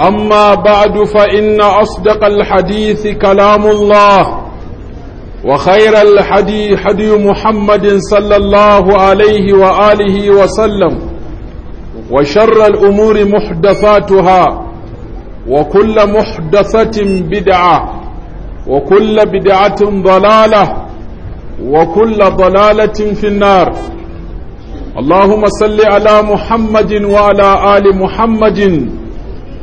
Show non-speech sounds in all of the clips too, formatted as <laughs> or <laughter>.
أما بعد فإن أصدق الحديث كلام الله وخير الحدي حدي محمد صلى الله عليه وآله وسلم وشر الأمور محدثاتها وكل محدثة بدعة وكل بدعة ضلالة وكل ضلالة في النار اللهم صل على محمد وعلى آل محمد محمد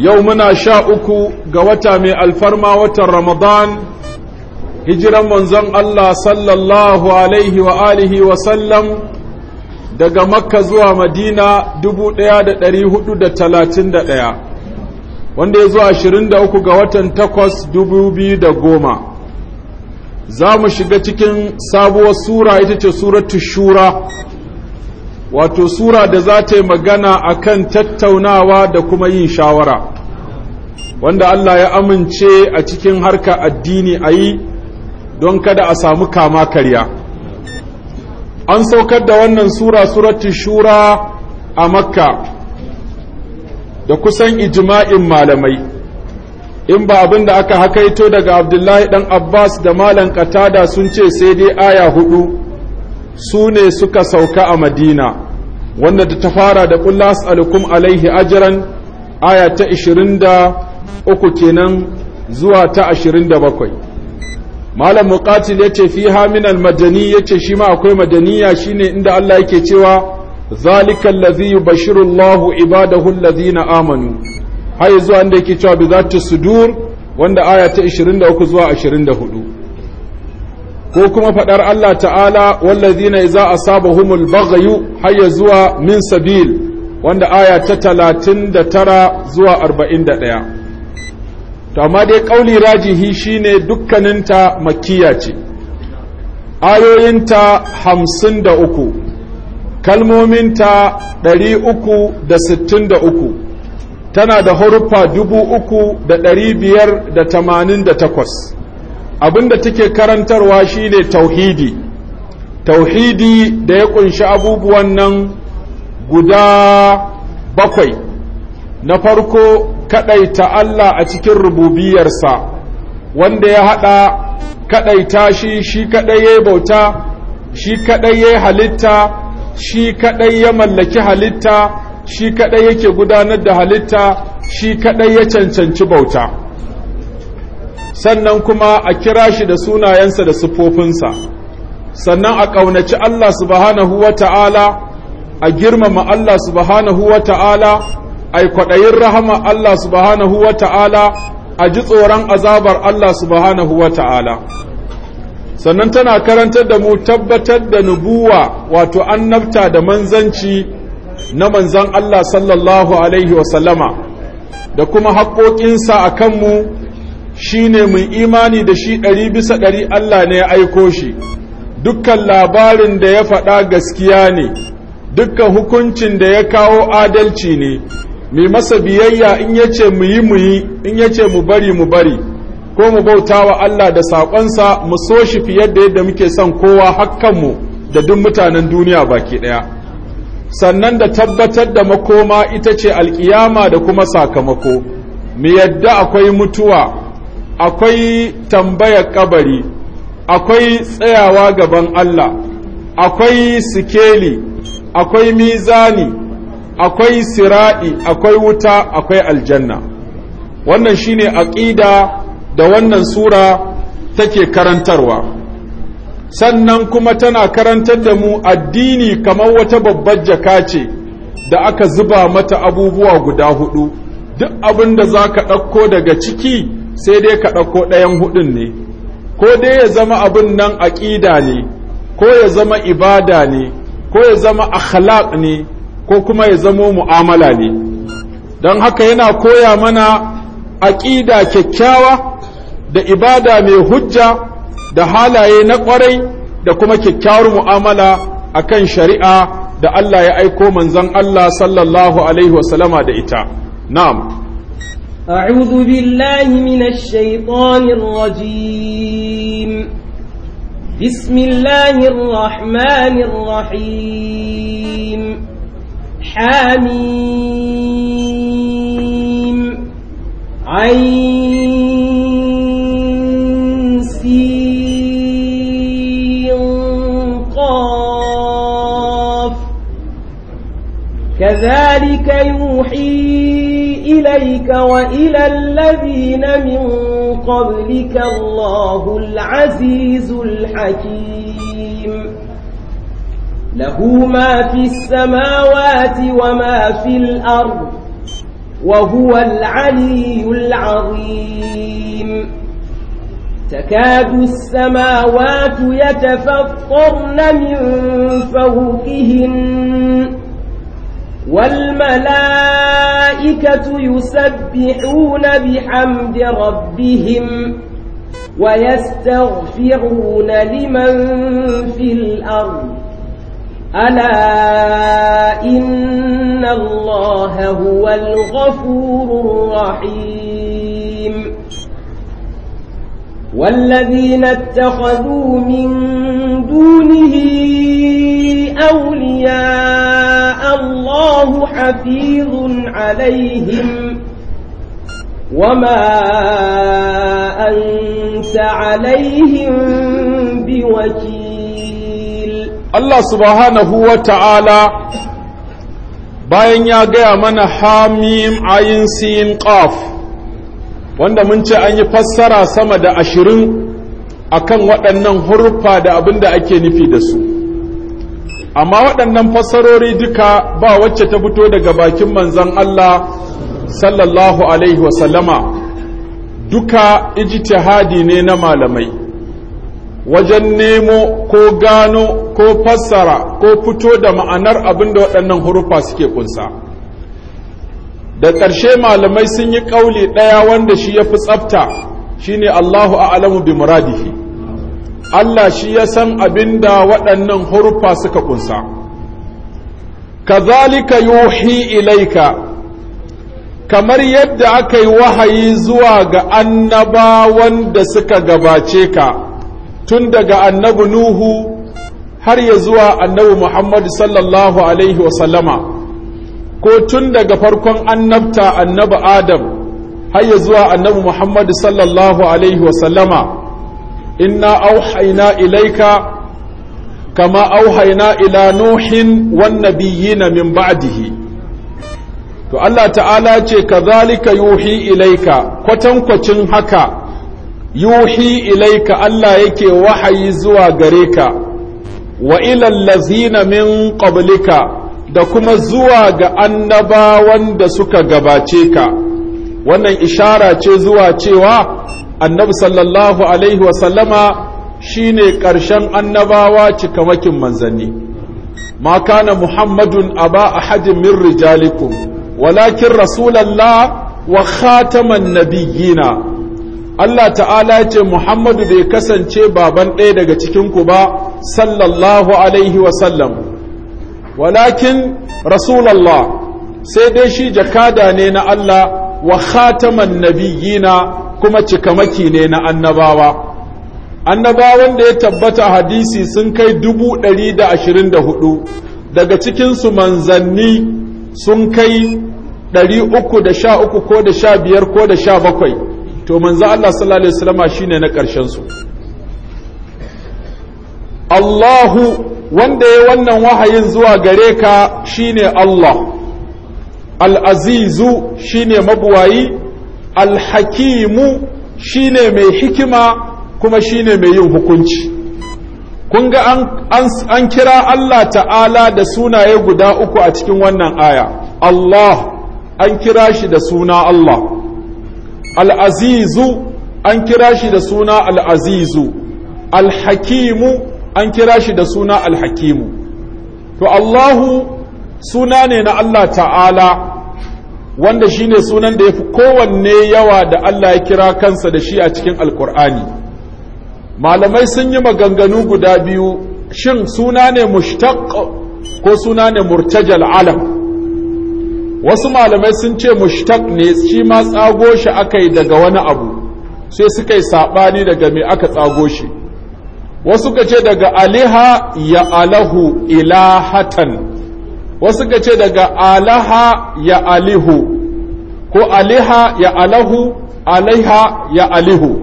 yau muna sha uku ga wata mai alfarma watan ramadan hijiran manzon Allah sallallahu alaihi wa alihi wa sallam daga makka zuwa madina 1431 wanda ya zo 23 ga watan 8 2010 za mu shiga cikin sabuwar sura ita ce suratu shura wato sura da za ta yi magana a kan tattaunawa da kuma yin shawara wanda Allah ya amince a cikin harka addini a yi don kada a samu kama karya an saukar da wannan sura suratun shura a makka da kusan ijma'in malamai in ba abin da aka hakaito daga abdullahi ɗan abbas da malan katada sun ce sai dai aya hudu su ne suka sauka a madina wanda ta fara da kullas alikum alaihi ajiran aya ta 23 kenan zuwa ta 27 malam muqatil yace fi haminal madani yace shi ma akwai madaniya shine inda Allah yake cewa zalikal bashirun yubashiru Allahu ibadahu na amanu har zuwa inda yake cewa bi zati sudur wanda aya ta 23 zuwa 24 ko kuma faɗar Allah ta'ala wallazina saba asabahumul baghyu hayya zuwa min sabil wanda aya ta talatin da tara zuwa 41 to amma dai kauli rajihi shine dukkaninta makkiya ce ayoyinta 53 kalmominta ɗari uku da uku tana da huruffa takwas. abinda take karantarwa shine tauhidi tauhidi da ya kunshi abubuwan nan guda bakwai na farko kadaita Allah a cikin rububiyarsa wanda ya hada kadaita shi shi kadai ya bauta shi kadai ya halitta shi kadai ya mallaki halitta shi kadai yake gudanar da halitta shi kadai ya cancanci bauta sannan kuma a kira shi da sunayensa da siffofinsa sannan a ƙaunaci Allah subhanahu wa ta'ala a girmama Allah subhanahu wa ta'ala a kwaɗayin rahama Allah subhanahu wa ta'ala a ji tsoron azabar Allah subhanahu wa ta'ala sannan tana karantar da mu tabbatar da nubuwa wato annabta da manzanci na manzan Allah sallallahu alaihi wasallama da kuma haƙoƙinsa a kanmu Shi ne mai imani da shi ɗari bisa ɗari Allah ne ya aiko shi dukkan labarin da ya faɗa gaskiya ne dukkan hukuncin da ya kawo adalci ne mai masa biyayya in yace mu yi mu yi in yace mu bari mu bari ko mu bauta wa Allah da saƙonsa mu so shi fiye da yadda muke son kowa hakkanmu da duk mutanen duniya baki ɗaya sannan da tabbatar da makoma ita ce alƙiyama da kuma sakamako mu yadda akwai mutuwa akwai tambayar kabari akwai tsayawa gaban Allah akwai sikeli akwai mizani akwai sira'i akwai wuta akwai aljanna wannan shine aqida da wannan sura take karantarwa sannan kuma tana karantar da mu addini kamar wata babbar jaka ce da aka zuba mata abubuwa guda hudu duk abin da za ka ɗauko daga ciki sai dai ka ɗauko ɗayan hudun ne ko dai ya zama abin nan aƙida ne ko ya zama ibada ne ko ya zama akhlaq ne ko kuma ya zamo mu'amala ne don haka yana koya mana aƙida kyakkyawa da ibada mai hujja da halaye na ƙwarai da kuma kyakkyawar mu'amala a kan shari'a da Allah ya aiko manzan Allah sallallahu Alaihi wasallama da ita. Na'am. أعوذ بالله من الشيطان الرجيم بسم الله الرحمن الرحيم حميم عين سينقاف كذلك يوحي إليك وإلى الذين من قبلك الله العزيز الحكيم له ما في السماوات وما في الأرض وهو العلي العظيم تكاد السماوات يتفطرن من فوقهن والملائكة الملائكة يسبحون بحمد ربهم ويستغفرون لمن في الأرض ألا إن الله هو الغفور الرحيم والذين اتخذوا من دونه أولياء الله حفيظ عليهم وما أنت عليهم بوكيل الله سبحانه وتعالى bayan ya gaya mana hamim ayin sin qaf wanda mun ce an yi fassara sama da ashirin akan waɗannan huruffa da abin da ake nufi da su amma waɗannan fassarori duka ba wacce ta fito daga bakin manzan Allah sallallahu alaihi wasallama duka ijtihadi ne na malamai wajen nemo ko gano ko fassara ko fito da ma'anar abin da waɗannan hurufa suke kunsa da ƙarshe malamai sun yi ƙauli ɗaya wanda shi ya fi tsafta shine Allahu a'lamu bi muradihi Allah shi ya san abin da waɗannan hurufa suka kunsa kazalika yuhi ilaika kamar yadda aka yi wahayi zuwa ga annabawan da suka gabace ka tun daga annabu nuhu har ya zuwa annabu Muhammadu sallallahu alaihi wasallama ko tun daga farkon annabta annabu adam har ya zuwa annabu Muhammadu sallallahu alaihi wasallama inna auhaina ilaika kama auhaina ila nuhin wan nabiyina min ba'dihi to Allah ta'ala ce kadhalika yuhi ilaika kwatankwacin haka yuhi ilaika Allah yake wahayi zuwa gare ka wa ilal lazina min qablika da kuma zuwa ga annabawan da suka gabace ka wannan ishara ce zuwa cewa annabi sallallahu alaihi wasallama shi ne ƙarshen annabawa cikamakin manzanni ma kana muhammadun aba ahadin min rijalikum walakin rasulallah wa khataman nabiyina Allah ta'ala ce Muhammadu bai kasance baban ɗaya daga cikinku ba sallallahu alaihi wasallam walakin rasulallah sai dai shi jakada ne na Allah wa khataman nabiyina kuma cikamaki ne na annabawa annabawan da ya tabbata hadisi sun kai dubu ɗari da ashirin da hudu daga cikinsu manzanni sun kai ɗari uku da sha uku ko da sha biyar ko da sha bakwai to manzo Allah sallallahu alaihi wasallama shine na ƙarshen su Allahu wanda ya wannan wahayin zuwa gare ka shine Allah al'azizu azizu shine mabuwayi alhakimu shine mai hikima kuma shine mai yin hukunci kun ga an kira Allah ta'ala da sunaye guda uku a cikin wannan aya Allah an kira shi da suna Allah al'azizu an kira shi da suna al'azizu alhakimu an kira shi da suna alhakimu to Allahu suna ne na Allah ta'ala wanda shi ne sunan da ya fi kowanne yawa da Allah ya kira kansa da shi a cikin alkur'ani malamai sun yi maganganu guda biyu shin suna ne mushtaq ko suna ne murtajal alam wasu malamai sun ce mushtaq ne shi ma tsago shi aka yi daga wani abu sai suka yi saɓani daga me aka tsago shi wasu ka ce daga aliha ya alahu ilahatan wasu ka ce daga alaha ya alihu ko Alaha ya alahu alaiha ya alihu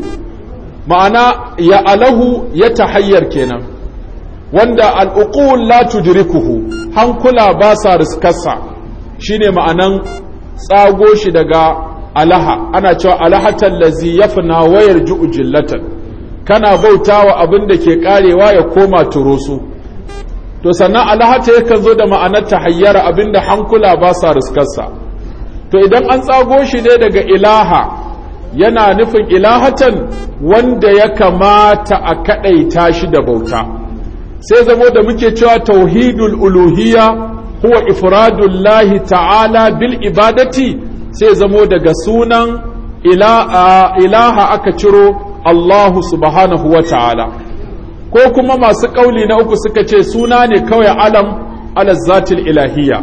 ma'ana ya alahu ya ta tahayyar kenan wanda al'uqul latu tudrikuhu hankula ba sa riskarsa shine ma'anan tsago shi daga alaha ana cewa alahatan lazi fi wayar ju'u jillatan kana wa abin da ke karewa ya koma turusu to sannan alhace yakan zo da ma'anar tahayyara abinda hankula ba sa riskarsa to idan an tsago shi ne daga ilaha yana nufin ilahatan wanda ya kamata a kadaita shi da bauta sai zamo da muke cewa tauhidul uluhiyya huwa ifradullahi ta'ala bil ibadati sai zamo daga sunan ilaha aka ciro Allahu subhanahu wa ta'ala ko kuma masu ƙauli na uku suka ce suna ne kawai alam alazatil ilahiyya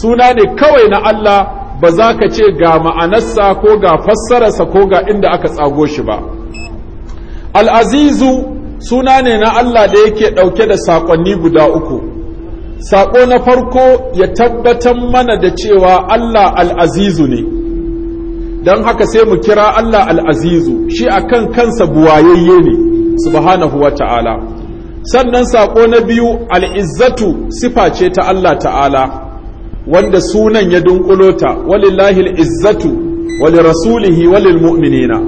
suna ne kawai na Allah ba za ka ce ga ma'anarsa ko ga fassararsa ko ga inda aka tsago shi ba al'azizu suna ne na Allah da yake ɗauke da saƙonni guda uku saƙo na farko ya tabbatar mana da cewa Allah al'azizu ne don haka sai mu kira Allah al'azizu shi a kan kansa buwayayye ne subhanahu wa ta'ala sannan saƙo na biyu al'izzatu sifa ce ta Allah ta'ala wanda sunan ya dunkulo ta walillahi al'izzatu wali rasulihi walil mu'minina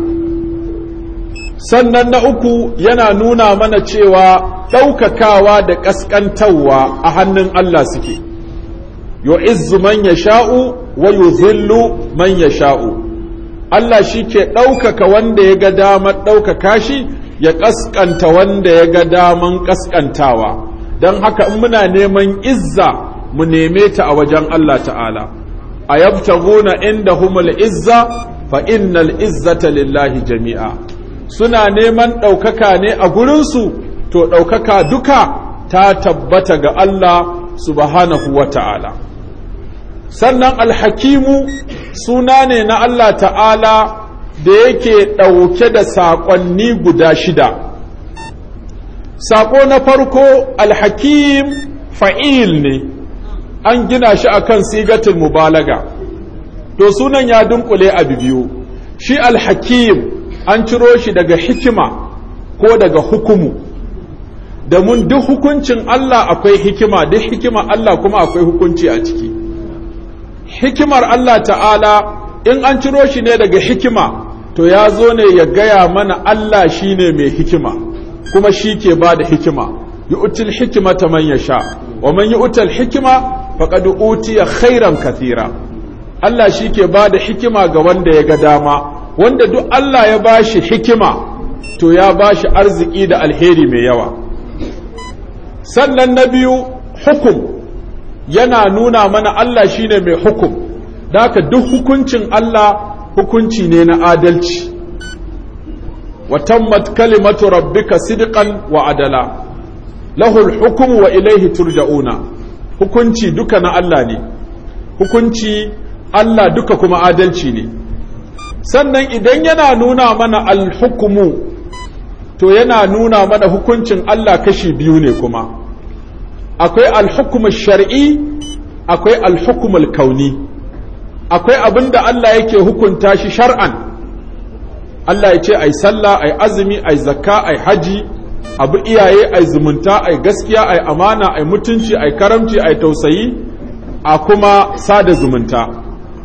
sannan na uku yana nuna mana cewa ɗaukakawa da ƙasƙantarwa a hannun Allah suke yu'izzu man yasha'u wa yuzillu man yasha'u Allah shi ke ɗaukaka wanda ya ga damar ɗaukaka shi ya ƙasƙanta wanda ya ga daman ƙasƙantawa. don haka in muna neman izza mu neme ta a wajen Allah ta'ala a guna inda humul izza fa innal izzata lillahi jami'a suna neman ɗaukaka ne a gurinsu to ɗaukaka duka ta tabbata ga Allah subhanahu wa ta'ala sannan alhakimu suna ne na Allah ta'ala da yake ɗauke da saƙonni guda shida saƙo na farko alhakim fa'il ne an gina shi a kan sigatul mubalaga to sunan ya dunkule a biyu shi alhakim an ciro shi daga hikima ko daga hukumu da mun duk hukuncin Allah akwai hikima duk hikima Allah kuma akwai hukunci a ciki hikimar Allah ta'ala in an ciro shi ne daga hikima to ya zo ne ya gaya mana Allah shi ne mai hikima kuma shi ke ba da hikima yi utul hikima ta man ya sha wa man yi utul hikima faƙad ya khairan kathira Allah shi ke ba da hikima ga wanda ya ga dama wanda duk Allah ya ba shi hikima to ya ba shi arziki da alheri mai yawa sannan na biyu hukum yana nuna mana Allah shi ne mai hukum daka duk hukuncin Allah hukunci ne na adalci watammat kalimatu rabbika sidqan wa adala lahul hukmu wa ilaihi turja'una hukunci duka na Allah ne hukunci Allah duka kuma adalci ne sannan idan yana nuna mana alhukumu to yana nuna mana hukuncin Allah kashi biyu ne kuma akwai alhukumul shar'i akwai alhukumul kauni akwai abin da Allah yake hukunta shi shar'an Allah ya ce ai sallah ai azumi ai zakka ai haji abu iyaye ai zumunta ai gaskiya ai amana ai mutunci ai karamci ai tausayi a kuma sada zumunta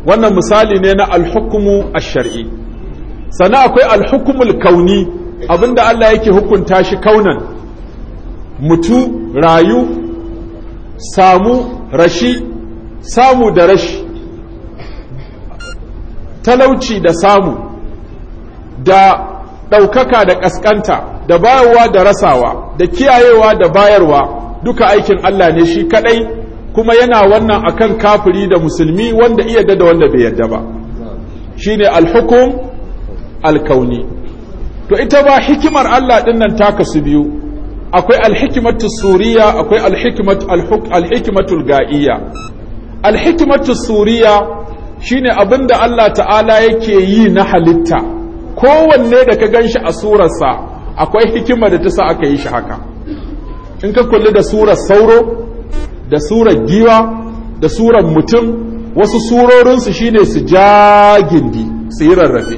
wannan misali ne na alhukumu ash-shar'i sana akwai alhukumul kauni abinda Allah yake hukunta shi kaunan mutu rayu samu rashi samu da rashi talauci da samu da ɗaukaka da ƙasƙanta da bayarwa da rasawa da kiyayewa da bayarwa duka aikin Allah ne shi kaɗai kuma yana wannan akan kafiri da musulmi wanda iya da wanda bai yarda ba shine alhukum alkauni to ita ba hikimar Allah din nan ta kasu biyu akwai alhikimatu suriya akwai alhikimatu alhikimatu gaiya alhikimatu suriya shine abin da Allah ta'ala yake yi na halitta kowanne da ka ganshi a surarsa akwai hikima da ta sa aka yi shi haka in ka kulli da surar sauro da surar giwa da surar mutum wasu surorinsu shine su ja gindi su yi rarrafe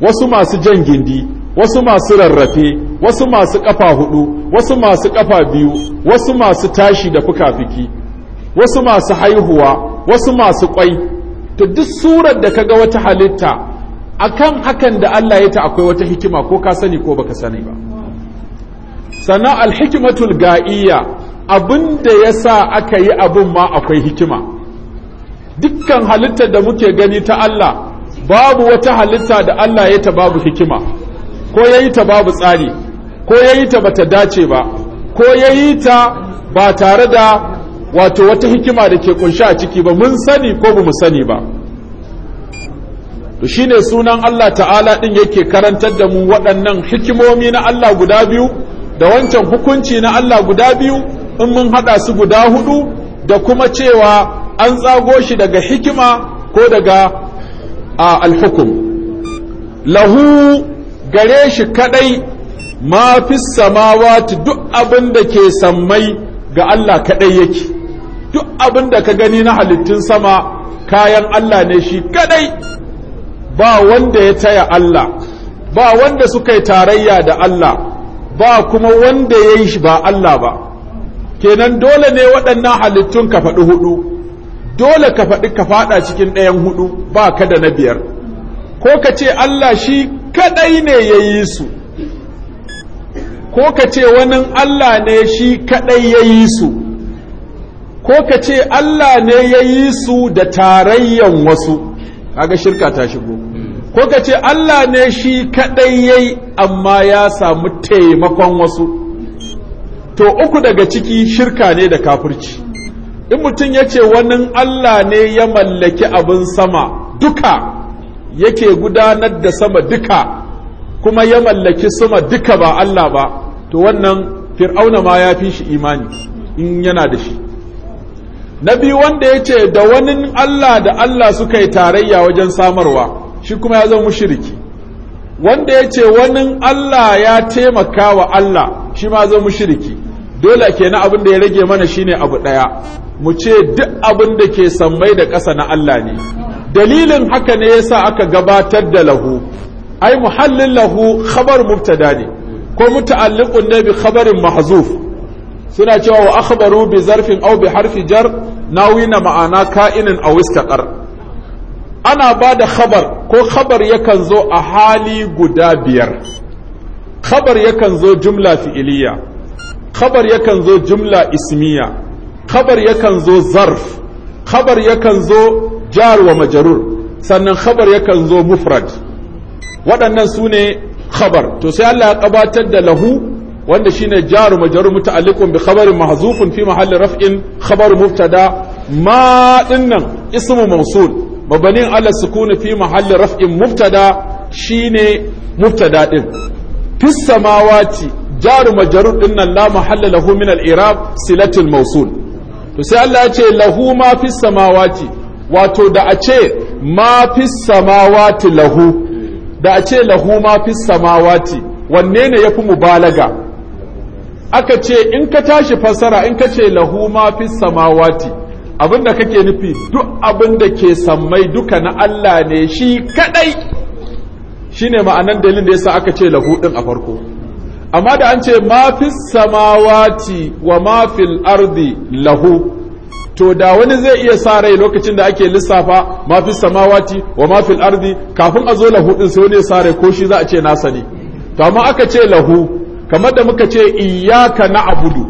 wasu masu jan gindi wasu masu rarrafe wasu masu kafa hudu wasu masu kafa biyu wasu masu tashi da fuka-fiki wasu masu haihuwa wasu masu kwai ta duk surar da kaga wata halitta akan hakan da Allah ya ta akwai wata hikima ko ka sani ko baka sani ba sannan alhikimatul ga'iyya abin da ya sa aka yi abin ma akwai hikima dukkan halitta da muke gani ta Allah babu wata halitta da Allah ya ta babu hikima ko ya yi ta babu tsari ko ya yi ta bata dace ba ko ya yi ta ba tare da wato wata hikima da ke kunshi a ciki ba mun sani ko ba mu sani ba to shine sunan Allah ta'ala din yake karantar da mu waɗannan hikimomi na Allah guda biyu da wancan hukunci na Allah guda biyu in mun haɗa su guda hudu da kuma cewa an tsago shi daga hikima ko daga alhukum lahu gare shi kadai ma fi samawati duk abin da ke sammai ga Allah kadai yake duk abin da ka gani na halittun sama kayan Allah ne shi kadai ba wanda ya taya Allah ba wanda suka yi tarayya da Allah ba kuma wanda ya yi shi ba Allah ba kenan dole ne waɗannan halittun ka faɗi hudu dole ka faɗi ka faɗa cikin ɗayan hudu ba ka da na biyar ko ka ce Allah shi kadai ne ya yi su ko ka ce wani Allah ne shi kadai ya yi su ko ka ce Allah ne ya yi su da tarayyan wasu kaga shirka ta shigo ko ka ce Allah ne shi kaɗai yayi amma ya samu taimakon wasu to uku daga ciki shirka ne da kafirci in mutum ya ce wani Allah ne ya mallaki abin sama duka yake gudanar da sama duka kuma ya mallaki sama duka ba Allah ba to wannan fir'auna ma ya fi shi imani in yana da shi na biyu wanda ya ce da wani Allah da Allah suka yi tarayya wajen samarwa shi kuma ya zama mushiriki wanda ya ce wani Allah ya taimaka wa Allah shi ma zama mushiriki dole kenan abin da ya rage mana shine abu ɗaya mu ce duk abin da ke sammai da ƙasa na Allah ne dalilin haka ne yasa aka gabatar da lahu ai muhallin lahu khabar mubtada ne ko muta'alliqun ne bi khabarin mahzuf suna cewa wa akhbaru bi zarfin aw bi harfi jar nawina ma'ana ka'inin a wiskaɗar ana ba da khabar ko khabar yakan zo a hali guda biyar khabar yakan zo jumla fi'iliya khabar yakan zo jumla ismiya khabar yakan zo zarf khabar yakan zo jar wa majarur sannan khabar yakan zo mufrad waɗannan su ne khabar to sai Allah ya gabatar da lahu wanda shine jaru majaru muta'alliqun bi khabarin mahzufun fi mahalli raf'in khabaru mubtada ma dinnan ismu mawsul mabani ala sukuni fi mahalli raf'in mubtada shine mubtada din fi samawati jaru majaru dinnan la mahalla lahu min al-i'rab silatul mawsul to sai Allah ya ce lahu ma fi samawati wato da a ce ma fi samawati lahu da a ce lahu ma fi samawati wanne ne yafi mubalaga aka ce in ka tashi fassara in ka ce lahu ma fi samawati abinda kake nufi duk abinda ke sammai duka na Allah ne shi kadai shine ma'anan dalilin da yasa aka ce lahu din a farko amma da an ce ma fi samawati wa ma fil ardi lahu to da wani zai iya sa rai lokacin da ake lissafa ma fi samawati wa ma fil ardi kafin a zo lahu din sai wani ya sa rai ko shi za a ce nasa ne to amma aka ce lahu kamar da muka ce iyaka abudu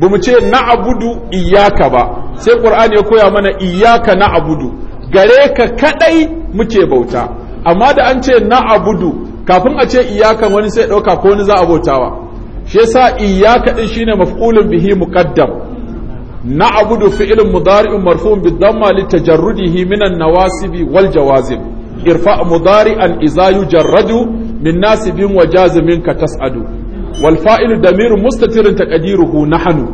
ba mu ce abudu iyaka ba sai ƙur'ani ya koya mana iyaka abudu gare ka kadai muke bauta amma da an ce abudu kafin a ce iyaka wani sai ɗauka ko wani za a bautawa shi yasa iyaka din shine maf'ulun bihi muqaddam نعبد فعل مضارع مرفوع بالضمه wal jawazin. irfa والجوازم ارفع مضارعا min nasibin من ناسب ka tas'adu. wal fa'ilu damiru mustatirin taqdiruhu nahnu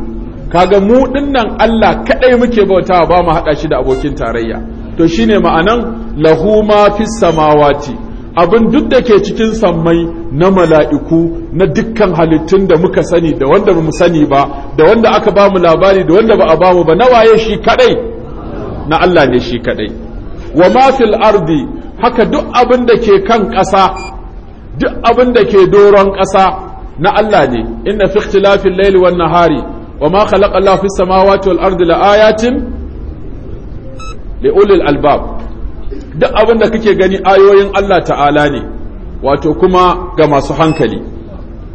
kaga mu dinnan Allah kadai muke bauta ba mu hada shi da abokin tarayya to shine ma'anan lahu ma fis samawati abin duk da ke cikin sammai na mala'iku na dukkan halittun da muka sani da wanda ba mu sani ba da wanda aka ba mu labari da wanda ba a ba mu ba na waye shi kadai na Allah ne shi kadai wa ma fil ardi haka duk abin da ke kan ƙasa duk abin da ke doron ƙasa na Allah ne inna fi ikhtilafil layli wan nahari wa ma khalaqa Allah fis samawati wal ardi laayatin li ulil albab duk abin da kake gani ayoyin Allah ta'ala ne wato kuma ga masu hankali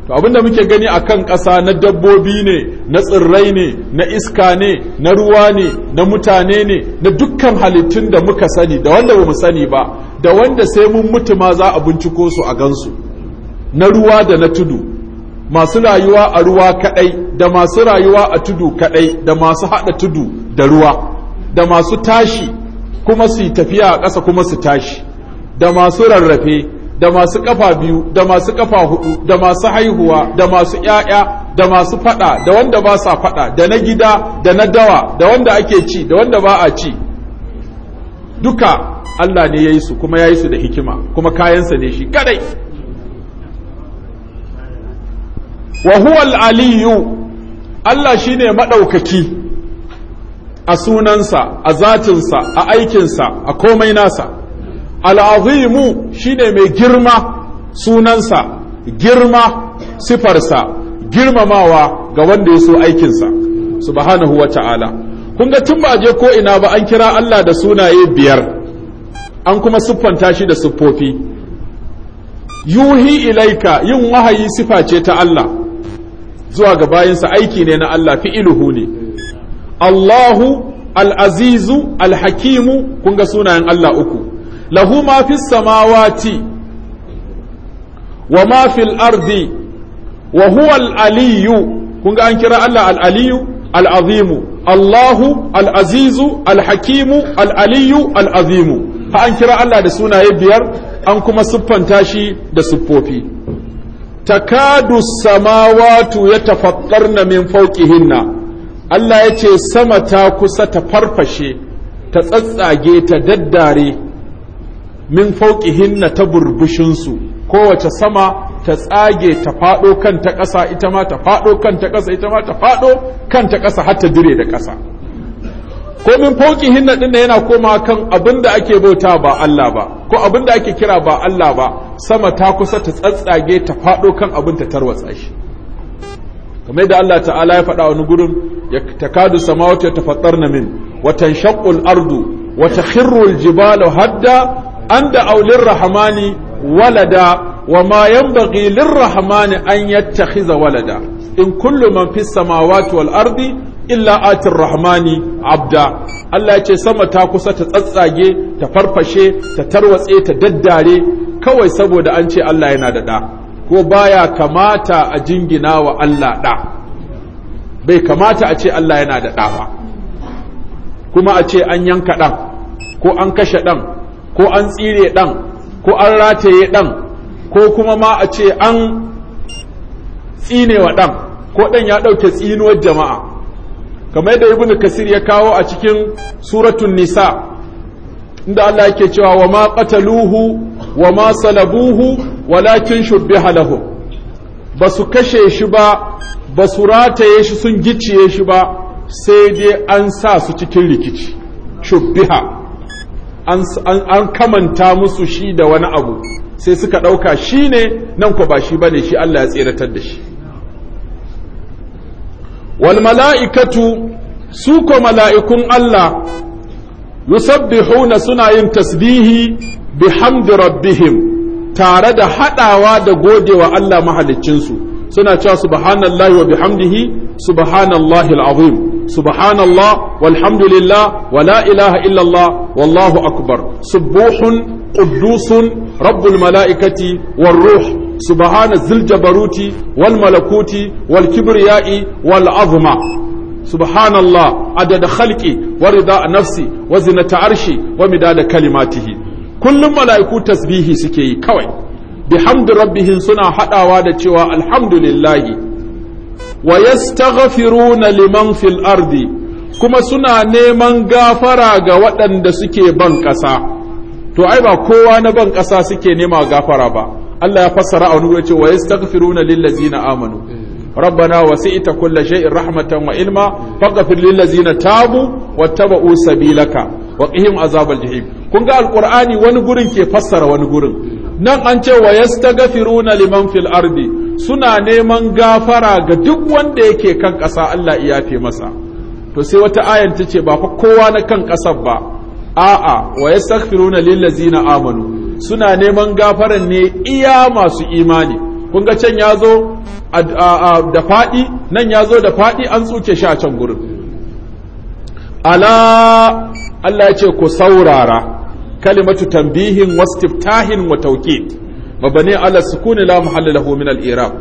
to abinda muke gani akan ƙasa na dabbobi ne na tsirrai ne na iska ne na ruwa ne na mutane ne na dukkan halittun da muka sani da wanda ba mu sani ba da wanda sai mun mutu ma za a binciko su a gansu na ruwa da na tudu masu rayuwa a ruwa kaɗai da masu rayuwa a tudu kaɗai da masu hada tudu da ruwa da masu tashi kuma su tafiya a ƙasa kuma su tashi da masu rarrafe da masu kafa biyu da masu kafa hudu da masu haihuwa da masu 'ya'ya da masu faɗa da wanda ba sa fada da na gida da na dawa da wanda ake ci da wanda ba a ci duka Allah ne ya yi su kuma ya yi su da hikima kuma kayansa ne shi kadai wa al aliyu Allah shine madaukaki a sunansa a zatinsa a aikinsa a komai nasa al'azimu shine mai girma sunansa girma sifarsa girmamawa ga wanda ya so aikinsa subhanahu wa ta'ala kun ga tun ba je ko ina ba an kira Allah da sunaye biyar an kuma siffanta shi da siffofi yuhi ilaika yin wahayi sifa ce ta Allah zuwa ga bayansa aiki ne na Allah iluhu ne Allahu Al'azizu, Al'hakimu. kun ga sunayen Allah uku lahu ma fi samawati wa ma fil ardi wa huwa kun ga an kira Allah Al'aliyu, Al'azimu. al-azimu Allahu Al'azizu, Al'hakimu, al-hakimu al-aliyu al-azimu ha an kira Allah da sunaye biyar an kuma siffanta shi da siffofi takadu samawatu ya tafaƙarna min hinna. Allah ya ce sama ta kusa ta farfashe ta tsatsage ta daddare min hinna ta burbushinsu kowace sama ta tsage ta faɗo kan ta ƙasa ita ma ta faɗo kan ta ƙasa ita ma ta faɗo kan ta ƙasa har ta dire da ƙasa ko min fauki hinna din yana koma kan abin da ake bauta ba Allah ba ko abin da ake kira ba Allah ba sama ta kusa ta tsatsage ta fado kan abin ta tarwatsa shi kamar da Allah ta'ala ya faɗa wani gurin ya takadu samawati na min wa tanshaqqu ardu wa takhirru jibalu hadda anda da aulin rahamani walada wa ma yanbaghi lirrahmani an yattakhiza walada in kullu man fis samawati wal ardi illa atir rahmani abda Allah ya ce sama ta kusa ta tsatsage ta farfashe ta tarwatse ta daddare kawai saboda an ce Allah yana da da ko baya kamata a jingina wa Allah da bai kamata a ce Allah yana da da ba kuma a ce an yanka dan ko an kashe dan ko an tsire dan ko an rataye dan ko kuma ma a ce an tsinewa dan ko dan ya dauke tsinuwar jama'a kamar yadda Ibn kasir ya kawo a cikin suratun nisa inda Allah yake cewa wa ma qataluhu wa ma salabuhu walakin shubbiha lahu basu kashe shi ba basu rataye shi sun gicciye shi ba sai dai an sa su cikin rikici shubbiha an kamanta musu shi da wani abu sai suka ɗauka shi ne nan ko ba shi ba ne shi Allah ya tseratar da shi wal mala'ikatu su mala'ikun Allah yusabbihuna suna yin tasbihi bihamdi rabbihim tare da haɗawa da godewa Allah mahaliccinsu suna cewa subhanallahi wa bihamdihi subhanallahi alazim subhanallah walhamdulillah wa la ilaha illallah wallahu akbar subuhun quddusun rabbul malaikati war ruh subhana ziljabaruti wal malakuti wal kibriyai wal azma subhanallah adada khalqi wa rida nafsi wa zinata arshi wa midada kalimatihi kullum mala'iku tasbihi suke yi kawai bihamdi rabbihim suna hadawa da cewa alhamdulillahi wa yastaghfiruna liman fil ardi kuma suna neman gafara ga waɗanda suke ban ƙasa to ai ba kowa na ban ƙasa suke nema gafara ba Allah ya fassara a wani ce wa yastaghfiruna lillazina amanu ربنا وسئت كل شيء رحمة وعلما فاغفر للذين تابوا واتبعوا سبيلك وقهم عذاب kun ga القرآن wani gurin ke fassara wani gurin nan an ce wa yastaghfiruna liman fil ardi suna neman gafara ga duk wanda yake kan ƙasa Allah ya yafe masa to sai wata ayan ta ce ba fa kowa na kan ƙasar ba a'a wa lillazi na amanu suna neman gafaran ne iya masu imani kun ga can ya zo da faɗi nan ya da faɗi an tsuke shi a can gurin ala Allah ya ce ku saurara kalimatu tambihin wastiftahin wa tawkid mabani ala sukuni la muhalla lahu min al-i'rab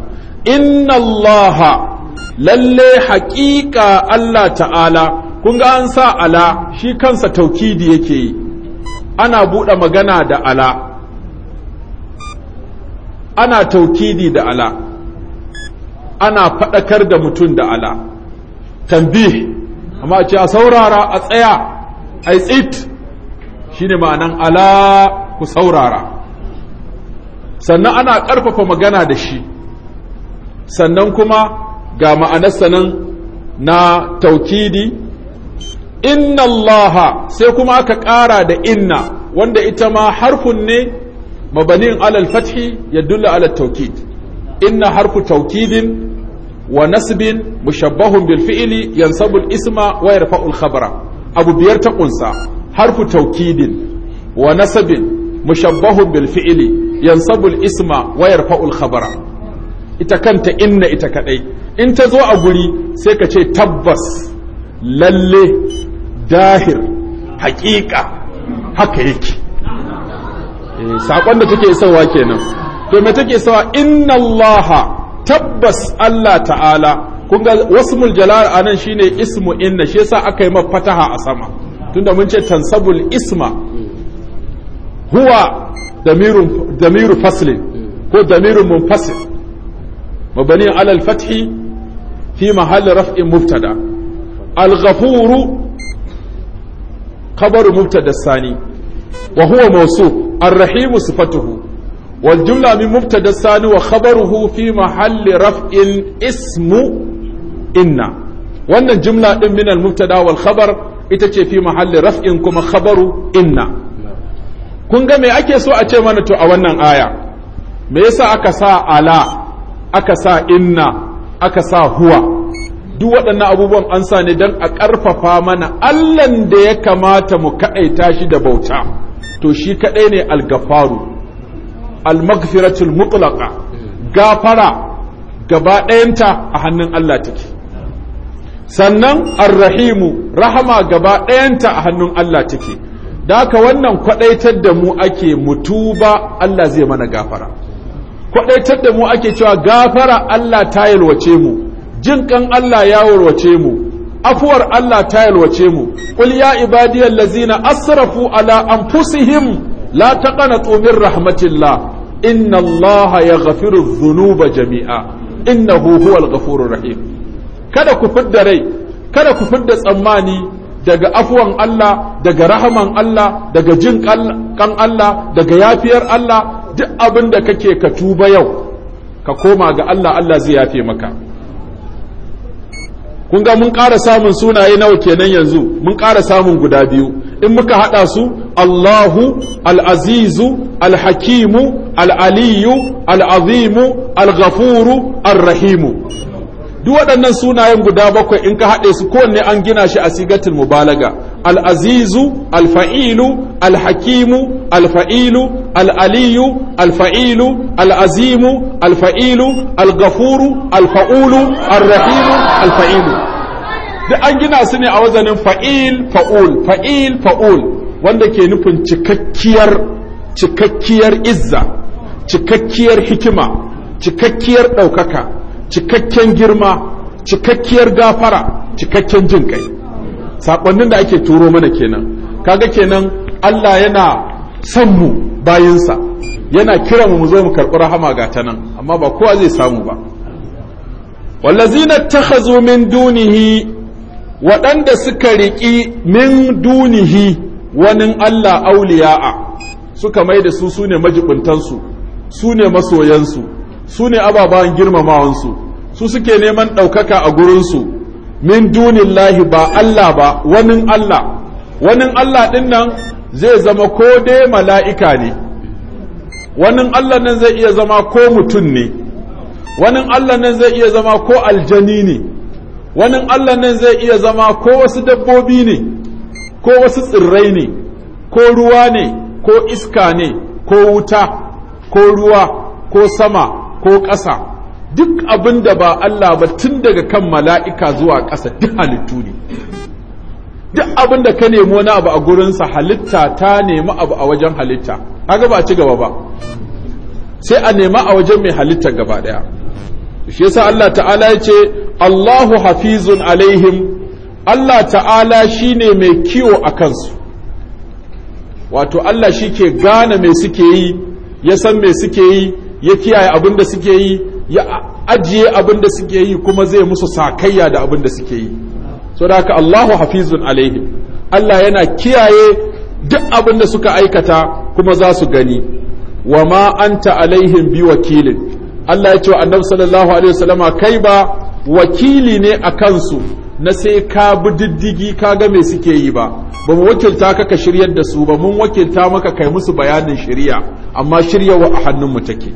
inna allaha lalle haƙiƙa Allah ta'ala kun ga an sa ala shi kansa taukidi yake yi ana buɗe magana da ala ana taukidi da ala ana faɗakar da mutum da ala tambih amma a ce a saurara a tsaya a tsit shi ne ma'anan ala ku saurara sannan ana ƙarfafa magana da shi sannan kuma ga ma'anar nan na taukidi inna sai kuma aka ƙara da inna wanda ita ma harfun ne mabanin alal fathi ya dulla alal taukid inna harfu taukidin wa nasbin mushabbahun bil fi'ili yansabu al isma wa yarfa'u al khabara abu biyar ta kunsa harfu taukidin wa nasbin mushabbahun bil fi'ili yansabu al isma wa yarfa'u al khabara ita kanta inna ita kadai in ta zo a guri sai ka ce tabbas lalle dahir haƙiƙa haka yake eh, saƙon da take sawa kenan to me take sawa inna allaha tabbas allah ta'ala kun ga wasmul anan shine ismu inna shi yasa aka yi mafataha fataha a sama tunda mun ce tansabul isma huwa damirun damiru faslin ko damirun munfasil mabani ala al-fathi fi mahall raf'in mubtada al-ghafuru khabaru mubtada sani wa huwa mawsuf ar-rahimu sifatuhu wal jumla min mubtada sani wa khabaruhu fi mahalli raf'in ismu inna wannan jumla din min al-mubtada ita ce fi mahalli raf'in kuma khabaru inna kun ga me ake so a ce mana to a wannan aya me yasa aka sa ala aka sa inna aka sa huwa duk waɗannan abubuwan an sa ne don a ƙarfafa mana allan da ya kamata mu kaɗaita shi da bauta to shi kaɗai ne algafaru almagfiratul mutlaka gafara gaba ɗayanta a hannun Allah take sannan arrahimu rahama gaba ɗayanta a hannun Allah take da haka wannan kwaɗaitar da mu ake mutuba Allah zai mana gafara kwaɗaitar da mu ake cewa gafara Allah ta yalwace mu Jinƙan Allah ya warwace mu afuwar Allah ta yalwace mu qul ya ibadiyal ladzina asrafu ala anfusihim la taqanatu min rahmatillah inna Allah yaghfiru dhunuba jami'a innahu huwal ghafurur rahim kada ku fidda rai kada ku fidda tsammani daga afuwan Allah daga rahaman Allah daga jin kan Allah daga yafiyar Allah duk abin da kake ka tuba yau ka koma ga Allah Allah zai yafe maka kun ga mun ƙara samun sunaye nawa kenan yanzu mun ƙara samun guda biyu in muka haɗa su Allahu al-Azizu al-Hakimu al-Aliyu al-Azimu al-Ghafuru al-Rahimu duk waɗannan sunayen guda bakwai in ka haɗe su kowanne an gina shi a sigatin mubalaga al'azizu alfa'ilu alhakimu alfa'ilu al'aliyu alfa'ilu al'azimu alfa'ilu algafuru alfa'ulu alrahimu alfa'ilu duk an gina su ne a wazanin fa'il fa'ul fa'il fa'ul wanda ke nufin cikakkiyar cikakkiyar izza cikakkiyar hikima cikakkiyar ɗaukaka cikakken girma cikakkiyar gafara cikakken jin kai sakonnin da ake turo mana kenan kaga kenan Allah yana son mu bayinsa yana kira mu zo mu karɓi rahama ga ta nan amma ba kowa zai samu ba wallazina takhazu min dunihi waɗanda suka riƙi min dunihi wani Allah auliya'a suka mai da su su ne su ne masoyansu su ne ababen girmamawansu su suke neman ɗaukaka a gurinsu min dunillahi ba Allah ba wani Allah wani Allah din nan zai zama ko dai mala'ika ne wani Allah nan zai iya zama ko mutum ne wani Allah nan zai iya zama ko aljani ne wani Allah nan zai iya zama ko wasu dabbobi ne ko wasu tsirrai ne ko ruwa ne ko iska ne ko wuta ko ruwa ko sama ko ƙasa duk abin da ba Allah ba tun daga kan mala'ika zuwa ƙasa duk halittu ne duk abin da ka nemi wani abu a gurinsa halitta ta nemi abu a wajen halitta Ta ba ci gaba ba sai a nema a wajen mai halitta gaba ɗaya shi yasa Allah ta'ala ya ce Allahu hafizun alaihim Allah ta'ala shi ne mai kiwo a kansu wato Allah shi ke gane mai suke yi ya san mai suke yi ya kiyaye abin da suke yi ya ajiye abin da suke yi kuma zai musu sakayya da abin da suke yi so da haka Allahu hafizun alaihim Allah yana kiyaye duk abin da suka aikata kuma za su gani wa ma anta alaihim bi wakilin Allah ya ce wa annabi sallallahu alaihi wasallama kai ba wakili ne a kansu na sai ka bi diddigi ka ga me suke yi ba ba mu wakilta ka ka shiryar da su ba mun wakilta maka kai musu bayanin shari'a amma shiryawa a mu take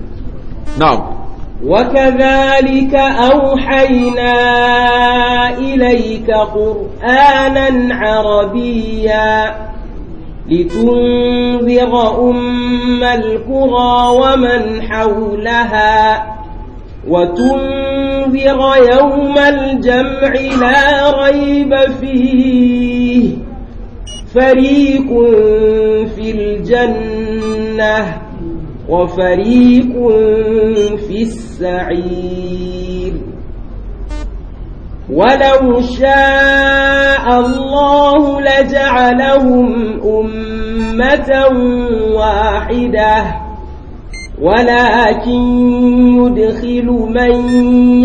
na'am وكذلك أوحينا إليك قرآنا عربيا لتنذر أم القرى ومن حولها وتنذر يوم الجمع لا ريب فيه فريق في الجنة وفريق في السعير ولو شاء الله لجعلهم أمة واحدة ولكن يدخل من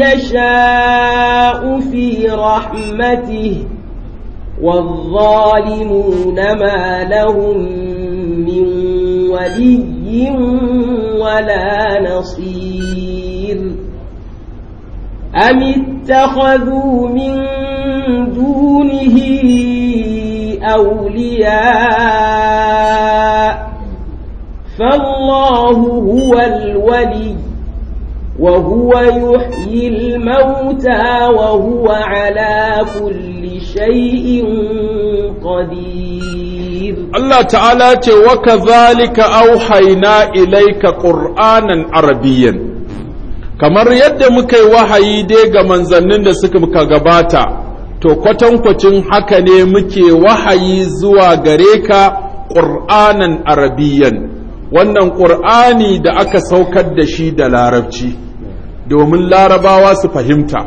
يشاء في رحمته والظالمون ما لهم ولي ولا نصير أم اتخذوا من دونه أولياء فالله هو الولي وهو يحيي الموتى وهو على كل شيء قدير Allah ta'ala ce wa ka auhaina ilaika qur'anan arabiyyan kamar yadda muka yi wahayi dai ga manzannin da suka gabata to kwatankwacin haka ne muke wahayi zuwa gare ka ƙur'anan arabiyan wannan ƙur'ani da aka saukar da shi da larabci domin larabawa su fahimta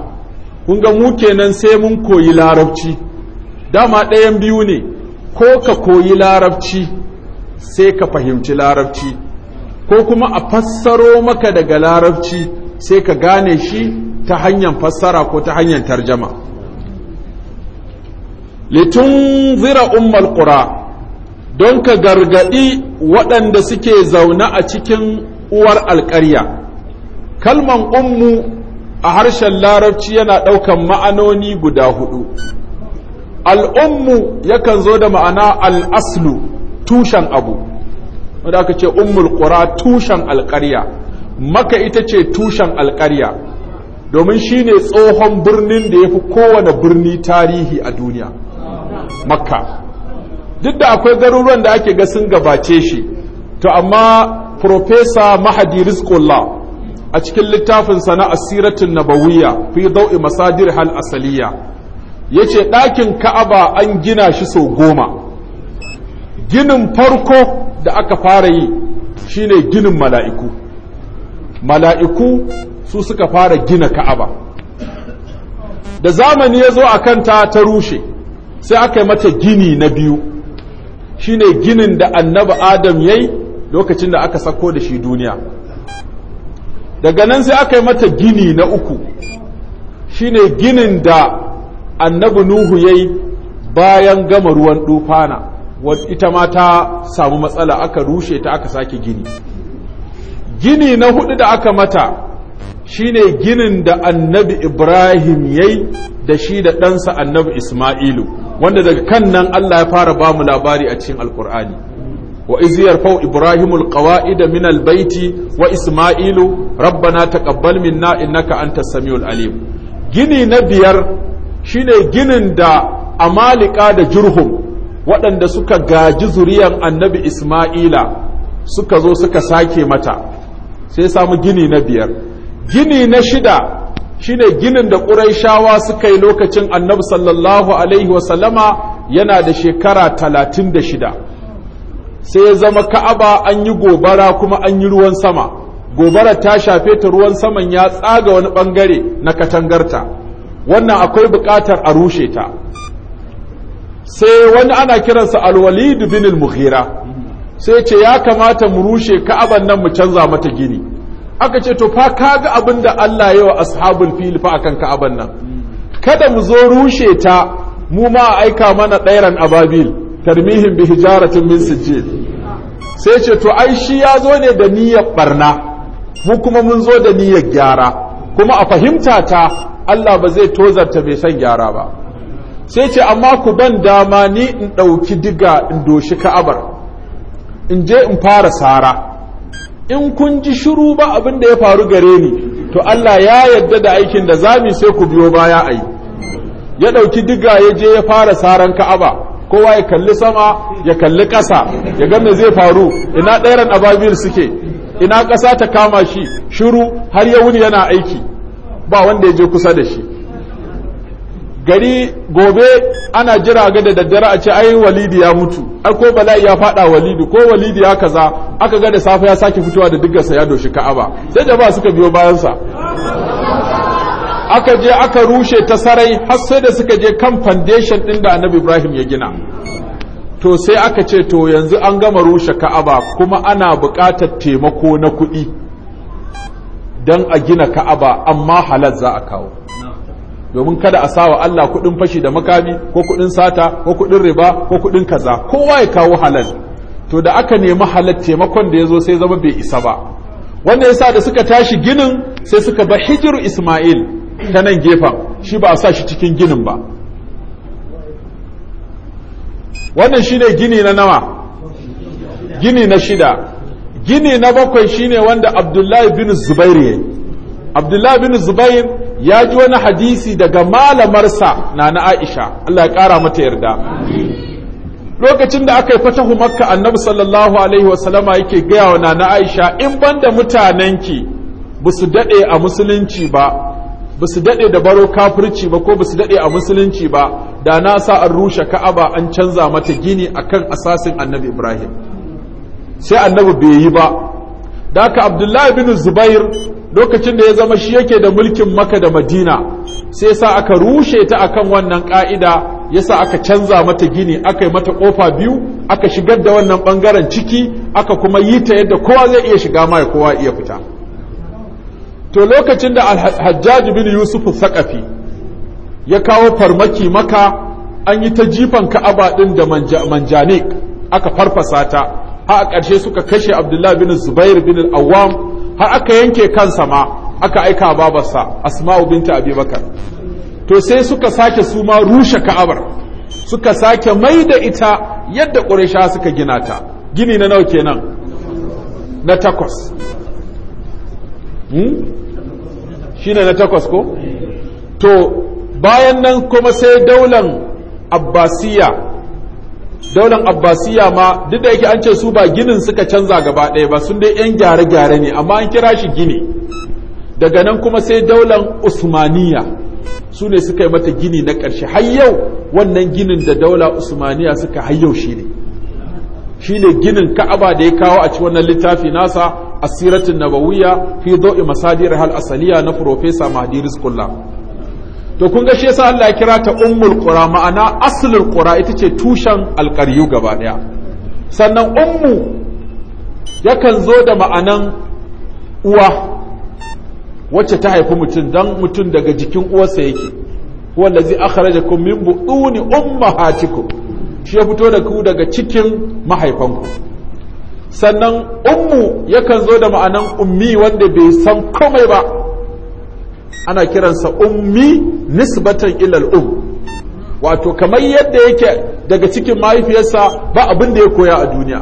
kun ga mu kenan sai mun koyi larabci dama ɗayan biyu ne ko ka koyi larabci sai ka fahimci larabci ko kuma a fassaro maka daga larabci sai ka gane shi ta hanyar fassara ko ta hanyar tarjama litun zira ummal qura don ka gargadi waɗanda suke zaune a cikin uwar alƙarya kalman ummu a harshen larabci yana ɗaukan ma'anoni guda hudu al'ummu yakan zo da ma'ana al'aslu tushen abu wanda aka ce ummul ƙura tushen alƙarya maka ita ce tushen alƙarya domin shi ne tsohon birnin da ya fi kowane birni tarihi a duniya makka duk da akwai garuruwan da ake ga sun gabace shi to amma profesa mahadi rizkullah a cikin littafinsa na asiratun nabawiyya fi zau'i masadir hal asaliya ya ce ɗakin ka'aba an gina shi sau goma ginin farko da aka fara yi shine ginin mala'iku mala'iku su suka fara gina ka'aba da zamani ya zo a kanta ta rushe sai aka yi mata gini na biyu shine ginin da annaba adam ya yi lokacin da aka sako da shi duniya daga nan sai aka yi mata gini na uku shine ginin da annabi nuhu yayi bayan gama ruwan dufana ita ma ta samu matsala aka rushe ta aka sake gini gini na hudu da aka mata shine ginin da annabi ibrahim yayi da shi da ɗansa annabi isma'ilu wanda daga kan nan allah ya fara ba mu labari a cikin alkur'ani wa iz yarfau ibrahimul qawa'ida min albayti wa isma'ilu rabbana taqabbal minna innaka antas samiul alim gini na biyar shine ginin da amalika da jurhum waɗanda suka gaji zuriyan annabi isma'ila suka zo suka sake mata sai samu gini na biyar gini na shida shine ginin da ƙuraishawa suka yi lokacin annabi sallallahu alaihi wasallama yana da shekara talatin da shida sai zama ka'aba an yi gobara kuma an yi ruwan sama gobara ta shafe ta ruwan saman ya tsaga wani ɓangare na katangarta wannan akwai buƙatar a rushe ta sai wani ana kiransa alwalid bin al-mughira sai ce ya kamata mu rushe ka'aban nan mu canza mata gini aka ce to fa kaga abin da Allah ya wa ashabul fil fa akan ka'aban nan kada mu zo rushe ta mu ma aika mana ɗairan ababil tarmihin bi hijaratin min sijil sai ce to ai shi ya zo ne da niyyar barna mu kuma mun zo da niyyar gyara kuma a fahimta ta Allah ba zai tozarta mai san gyara ba sai ce amma ku ban dama ni in ɗauki diga in doshi ka'abar in je in fara sara in kun ji shiru ba abin da ya faru gare ni to Allah ya yadda da aikin da zami sai ku biyo baya a yi ya ɗauki diga ya je ya fara saran ka'aba kowa ya kalli sama ya kalli ƙasa ya ga zai faru ina ɗairan ababir suke ina ƙasa ta kama shi shiru har ya wuni yana aiki ba wanda ya je kusa da shi gari gobe ana jira ga da daddare a ce ai walidi ya mutu ai ko bala'i ya fada walidi ko walidi ya kaza aka ga da safe ya sake fitowa da sa ya doshi ka'aba sai jama'a suka biyo bayansa aka je aka rushe ta sarai har sai da suka je kan foundation din da annabi ibrahim ya gina to sai aka ce to yanzu an gama rushe ka'aba kuma ana buƙatar taimako na kuɗi don a gina ka'aba amma halal za a kawo domin kada a sawa Allah kuɗin fashi da makami ko kuɗin sata ko kuɗin riba ko kuɗin kaza kowa ya kawo halal to da aka nemi halal taimakon da ya zo sai zama bai isa ba wanda ya sa da suka tashi ginin sai suka ba hijiru ismail ta nan gefen shi ba a sa shi cikin ginin ba wannan shine ne gini na nawa gini na shida gini na bakwai shine wanda abdullahi bin zubair ya abdullahi bin zubair ya ji wani hadisi daga malamarsa na na aisha allah ya kara mata yarda lokacin da aka yi fatahu makka annabi sallallahu alaihi wasallama yake gaya wa na aisha in banda mutanenki ba su daɗe a musulunci ba ba su daɗe da baro kafirci ba ko ba su daɗe a musulunci ba da na sa an rushe ka'aba an canza mata gini akan asasin annabi ibrahim sai annabi bai yi ba da haka abdullahi bin zubair lokacin da ya zama shi yake da mulkin maka da madina sai sa aka rushe ta akan wannan ka'ida ya sa aka canza mata gini aka yi mata kofa biyu aka shigar da wannan bangaren ciki aka kuma yi ta yadda kowa zai iya shiga mai kowa iya fita to lokacin da alhajjaji bin yusuf sakafi ya kawo farmaki maka an yi ta jifan ka'aba din da manjanik aka farfasa ta har a ƙarshe suka kashe abdullahi bin zubair bin awam har aka yanke kansa ma aka aika babarsa asma'u binta abubakar to sai suka sake su ma rushe ka'abar suka sake mai da ita yadda ƙurisha suka gina ta gini na nauke kenan na takwas hmm? shi ne na takwas ko? to bayan nan kuma sai daular Abbasiyya. daular abbasiya ma duk da yake an ce su ba ginin suka canza gaba ɗaya ba sun dai 'yan gyare-gyare ne amma an kira shi gini daga nan kuma sai daular Usmaniyya su ne suka yi mata gini na ƙarshe har yau wannan ginin da daular usmaniya suka har yau shi ne shi ne ginin ka'aba da ya kawo a ci wannan littafi nasa asiratin nabawiya fi do'i masadir hal asaliya na Furofesa mahdi rizqullah to kun ga shi yasa Allah ya kira ta ummul qura ma'ana aslul qura ita ce tushen alqaryu gaba daya sannan ummu yakan zo da ma'anan uwa wacce ta haifi mutum dan mutum daga jikin uwarsa yake huwa allazi akhrajakum min bu'uni ummahatikum shi ya fito da ku daga cikin mahaifanku sannan ummu yakan zo da ma'anan ummi wanda bai san komai ba ana kiransa ummi nisbatan ilal um wato kamar yadda yake daga cikin mahaifiyarsa ba abin da ya koya a duniya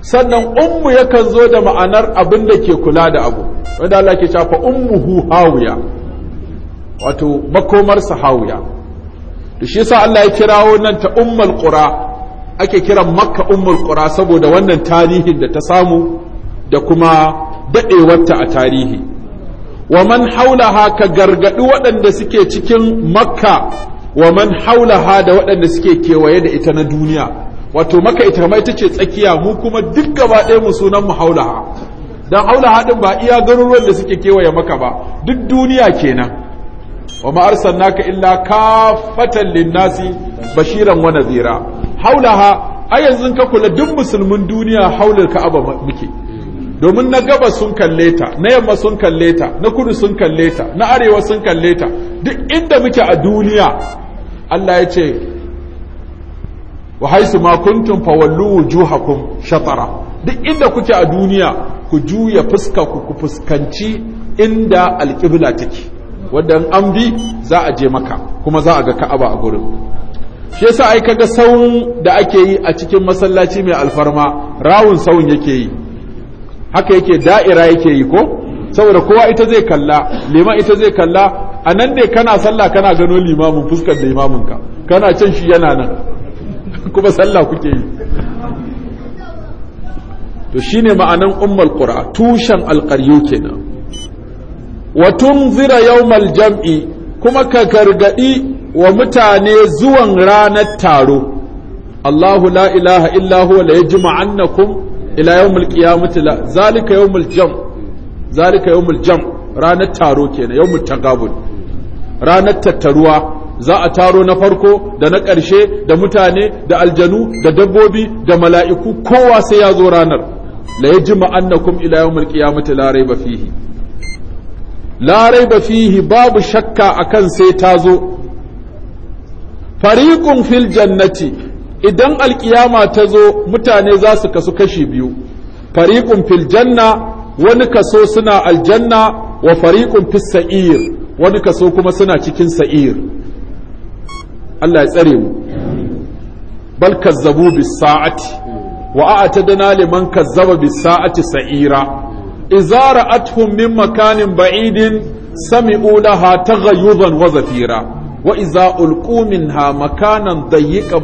sannan ummu yakan zo da ma'anar abin da ke kula da abu wanda Allah ke shafa ummuhu hawiya wato makomarsa hawiya da shi yasa Allah ya kirawo nan ta ummul qura ake kiran makka ummul qura saboda wannan tarihin da ta samu da kuma dadewarta a tarihi wa man haulaha ka gargadi waɗanda suke cikin makka wa man haulaha da waɗanda suke kewaye da ita na duniya wato maka ita mai ita ce tsakiya mu kuma duk gaba ɗaya mu sunan mu haulaha dan haulaha ɗin ba iya garuruwan da suke kewaye maka ba duk duniya kenan wa ma arsalnaka illa kafatan linnasi bashiran wa nadhira haulaha a yanzu ka kula duk musulmin duniya haular aba muke domin na Gaba sun kalle ta na yamma sun kalle ta na kudu sun kalle ta na arewa sun kalle ta duk inda muke a duniya Allah ya ce wa haisu ma kuntum fawallu wujuhakum shatara duk inda kuke a duniya ku juya fuska ku ku fuskanci inda alqibla take wanda an bi za a je maka kuma za a ga Ka'aba a gurin shi yasa ai kaga saun da ake yi a cikin masallaci mai alfarma rawun saun yake yi haka yake da'ira yake yi ko saboda kowa ita zai kalla liman ita zai kalla a nan dai kana sallah kana gano limamin fuskar da imaminka kana can shi yana nan <laughs> kuma sallah kuke yi to shine ma'anan ummul qura tushen alqaryu kenan wa tunzira yawmal jam'i kuma ka gargadi wa mutane zuwan ranar taro Allahu la ilaha illa huwa la yajma'annakum ila yawmul qiyamati la zalika yawmul jam zalika yawmul jam ranar taro kenan yawmul tagabun ranar tattaruwa za a taro na farko da na ƙarshe da mutane da aljanu da dabbobi da mala'iku kowa sai ya zo ranar la yajma annakum ila yawmil qiyamati la rayba fihi la ba fihi babu shakka akan sai ta zo fariqun fil jannati idan alkiyama ta zo mutane za su kasu kashi biyu Fariƙun Filjanna wani kaso suna aljanna wa fariƙun fis sa'ir wani kaso kuma suna cikin sa'ir Allah ya tsare mu bal kazzabu bis sa'ati wa a'tadna liman kazzaba bis sa'ati sa'ira idza ra'atuhum min makanin ba'idin sami'u laha yuban wa zafira wa iza ulqu minha makanan dayyiqan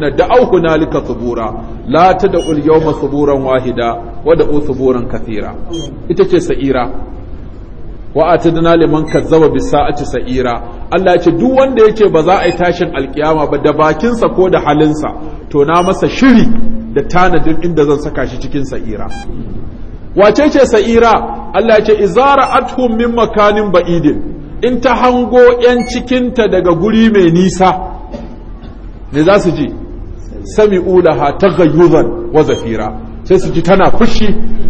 na da'aw hunalika thubura la tad'u yawma suburan wahida wa da'u suburan kathira ita ce sa'ira wa atadna liman kazzaba bis sa'ati sa'ira Allah ya ce duk wanda yace ba za a yi tashin alkiyama ba da bakinsa ko da halinsa to na masa shiri da tanadin inda zan saka shi cikin sa'ira wace ce sa'ira Allah ya ce izara athum min makanin ba'idin in ta hango 'yan cikinta daga guri mai nisa ne za su ji sami ulaha ta gayyuzan wa zafira sai su ji tana fushi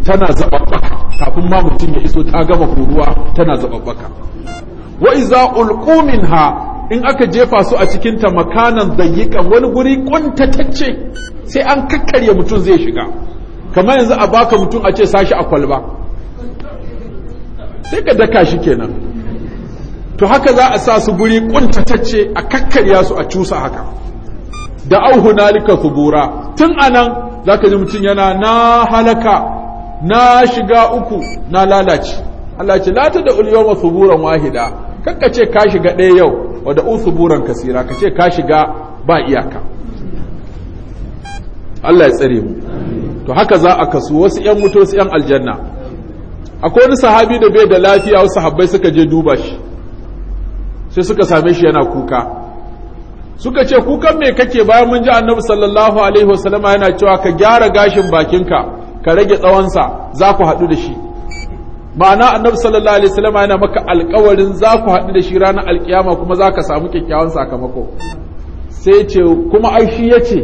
tana zaɓaɓɓaka kafin ma mutum ya iso ta gama kuruwa tana zaɓaɓɓaka wa za ulƙumin ha in aka jefa su a cikin ta makanan dayyika wani guri kuntatacce sai an kakkarya mutum zai shiga kamar yanzu a baka mutum a ce sashi a kwalba sai ka daka shi kenan to haka za a sa su guri kuntatacce a kakkarya su a cusa haka da auhu nalika subura tun anan zaka ji mutum yana na halaka na shiga uku na lalace Allah ce la ta da yawma suburan wahida kakka ce ka shiga ɗaya yau wadda un suburan kasira ka ce ka shiga ba iyaka Allah ya tsare mu to haka za a kasu wasu ƴan mutu wasu ƴan aljanna akwai wani sahabi da bai da lafiya wasu sahabbai suka je duba shi sai suka same shi yana kuka suka ce kukan me kake bayan mun ji annabi sallallahu alaihi wasallama yana cewa ka gyara gashin bakinka ka rage tsawonsa za ku haɗu da shi ma'ana annabi sallallahu alaihi wasallama yana maka alƙawarin za ku haɗu da shi ranar alƙiyama kuma za ka samu kyakkyawan sakamako sai ce kuma ai shi yace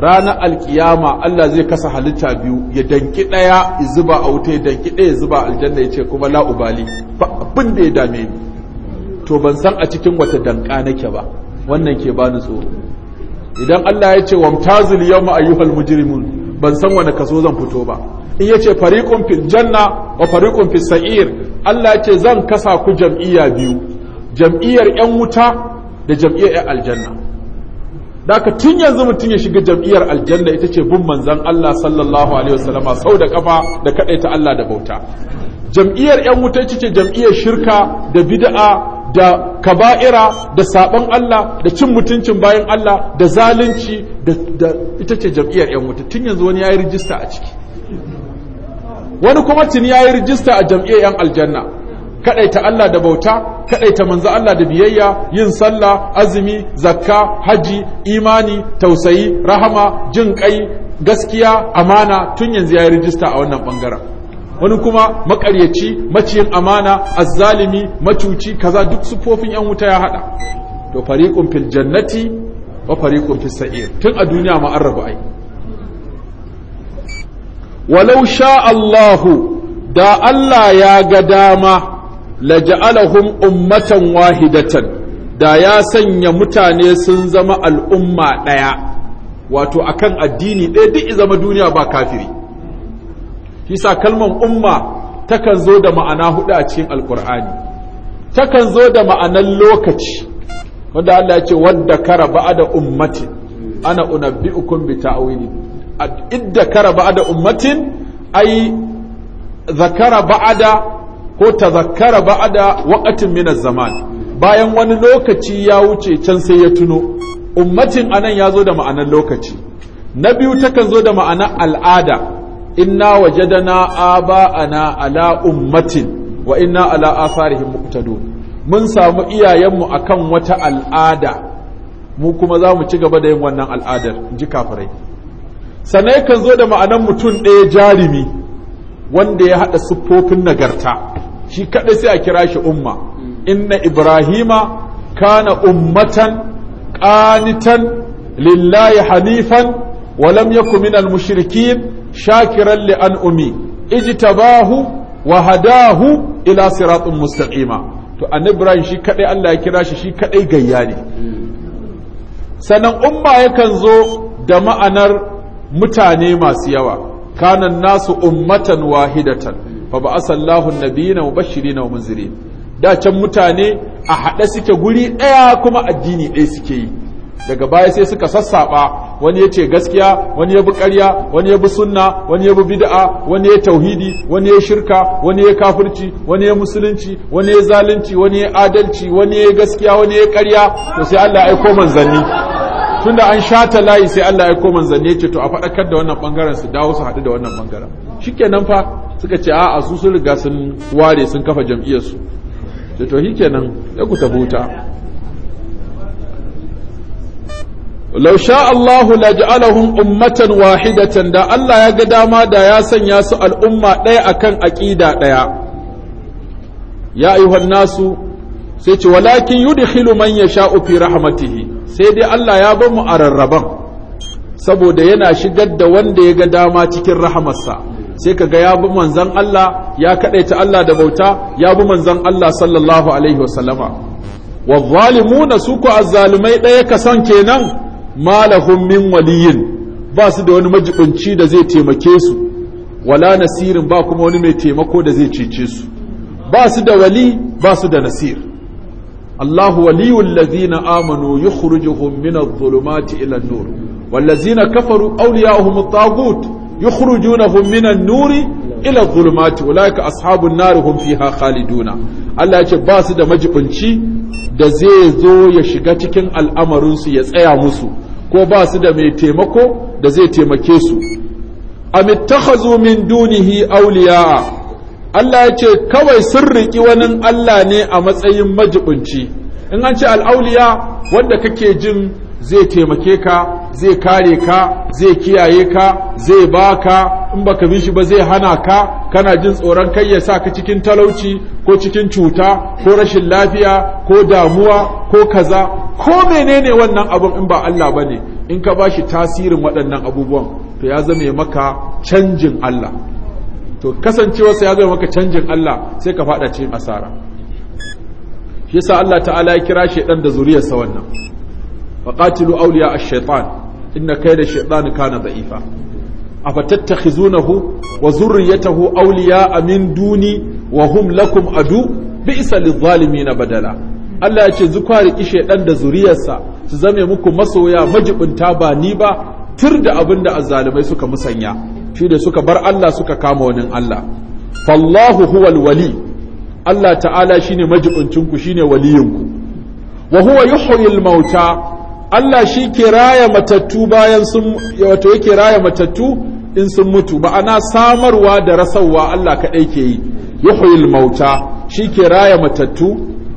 ranar alkiyama Allah zai kasa halitta biyu ya danki daya zuba a wuta ya danki daya zuba aljanna ya ce kuma la ubali abin da ya dame ni to ban san a cikin wata danka nake ba wannan ke bani tsoro idan Allah ya ce wamtazil yawma ayyuhal mujrimun ban san wani kaso zan fito ba in yace fariqun fil janna wa fariqun fis sa'ir Allah ya zan kasa ku jam'iyya biyu jam'iyyar yan wuta da jam'iyyar yan aljanna Daka tun yanzu mutum ya shiga jam'iyyar aljanna ita ce bin manzan Allah sallallahu alaihi wasallama sau da kafa da ta Allah da bauta jam'iyyar yan wuta ita ce jam'iyyar shirka da bid'a da kaba'ira da saɓon Allah da cin mutuncin bayan Allah da zalunci da ita ce jam'iyyar 'yan wuta tun yanzu wani ya yi rijista a ciki wani kuma tuni ya yi rijista a jam'iyyar 'yan aljanna kaɗaita Allah da bauta kaɗaita manzo Allah da biyayya yin sallah azumi zakka haji imani tausayi rahama jin ƙai gaskiya amana tun yanzu ya yi rijista a wannan ɓangaren wani kuma makaryaci maciyin amana azzalimi macuci kaza duk sufofin yan wuta ya hada to fariqun fil jannati wa fariqun fis sa'ir tun a duniya ma an rabu ai walau sha Allahu da Allah ya ga dama laja'alahum ummatan wahidatan da ya sanya mutane sun zama al'umma ɗaya wato akan addini ɗaya duk zama duniya ba kafiri shi sa kalmar umma takan zo da ma'ana hudu a cikin alkur'ani takan zo da ma'anan lokaci wanda Allah ya ce wadda kara da ummatin ana una bi ta'wili idda kara da ummatin ai zakara da ko tazakkara da waqatin min zaman bayan wani lokaci ya wuce can sai ya tuno ummatin anan ya zo da ma'anan lokaci na biyu takan zo da ma'anan al'ada inna wajadana aba'ana ala ummatin wa inna ala asarihim muqtadun mun samu iyayenmu akan wata al'ada mu kuma za mu ci gaba da yin wannan al'adar ji kafirai kan zo da ma'anan mutum ɗaya jarumi wanda ya haɗa siffofin nagarta shi kaɗai sai a kira shi umma inna ibrahima kana ummatan qanitan lillahi hanifan wa lam yakun minal mushrikin shakiran li an'umi ijtabahu wa hadahu ila siratin mustaqima to annabi ibrahim shi kadai Allah ya kira shi shi kadai gayya ne sannan umma yakan zo da ma'anar mutane masu yawa kanan nasu ummatan wahidatan fa ba asallahu nabiyina mubashirin wa munzirin da can mutane a haɗe suke guri ɗaya kuma addini ɗaya suke yi daga baya sai suka sassaɓa wani ya ce gaskiya wani ya bi ƙarya wani ya bi sunna wani ya bi bid'a wani ya tauhidi wani ya shirka wani ya kafirci wani ya musulunci wani ya zalunci wani ya adalci wani ya gaskiya wani ya ƙarya to sai Allah ya aiko manzanni tunda an shata layi sai Allah ya aiko manzanni ya ce to a faɗakar da wannan bangaren su dawo su haɗu da wannan bangaren shikenan fa suka ce a'a su sun riga sun ware sun kafa jam'iyyar su to shikenan ya ku tabuta lau sha Allahu laj'alahum ummatan wahidatan da Allah ya ga dama da ya sanya su al'umma ɗaya akan aƙida ɗaya ya ayyuhan nasu sai ce walakin yudkhilu man yasha'u fi rahmatihi sai dai Allah ya bamu a rarraban saboda yana shigar da wanda ya ga dama cikin rahamarsa sai kaga ya bi manzon Allah ya kadaita Allah da bauta ya bi manzon Allah sallallahu alaihi wasallama والظالمون سوكو الظالمي ɗaya kasan kenan malahum min waliyin ba su da wani majibinci da zai taimake su wala nasirin ba kuma wani mai taimako da zai cece su ba su da wali ba su da nasir Allahu waliyul lazina amanu yukhrijuhum min adh-dhulumati ila an-nur wal kafaru awliya'uhum at-taghut yukhrijunahum min an-nuri ila zulumati ulaika ashabun nar hum fiha khaliduna Allah yace ba su da majibinci da zai zo ya shiga cikin al'amarin su ya tsaya musu ko ba su da mai taimako da zai taimake su am ittakhazu min dunihi awliya Allah yace kawai sun riki wani Allah ne a matsayin majibinci in an ce al'auliya wanda kake jin zai taimake ka zai kare ka zai kiyaye ka zai baka in baka bi shi ba zai hana ka kana jin tsoron kai ya sa ka cikin talauci ko cikin cuta ko rashin lafiya ko damuwa ko kaza ko menene wannan abun in ba Allah bane in ka bashi tasirin waɗannan abubuwan to ya zame maka canjin Allah to kasancewarsa ya zame maka canjin Allah sai ka faɗa cikin asara shi yasa Allah ta'ala ya kira shi dan da zuriyarsa wannan faqatilu awliya ash-shaytan inna kai da shaitani kana da'ifa afatattakhizunahu wa zurriyatahu awliya min duni wa hum lakum adu bi'sa na badala Allah ya ce zukwari kishe ɗan da zuriyarsa su zame muku masoya majibinta ba ni ba tur da abin da azzalumai suka musanya shi da suka bar Allah suka kama wani Allah fallahu huwal wali Allah ta'ala shine majibincin ku shine waliyinku wa huwa yuhyil mauta Allah shi ke raya matattu bayan sun wato yake raya matattu in sun mutu ma'ana samarwa da rasauwa Allah kaɗai ke yi yuhyil mauta shi ke raya matattu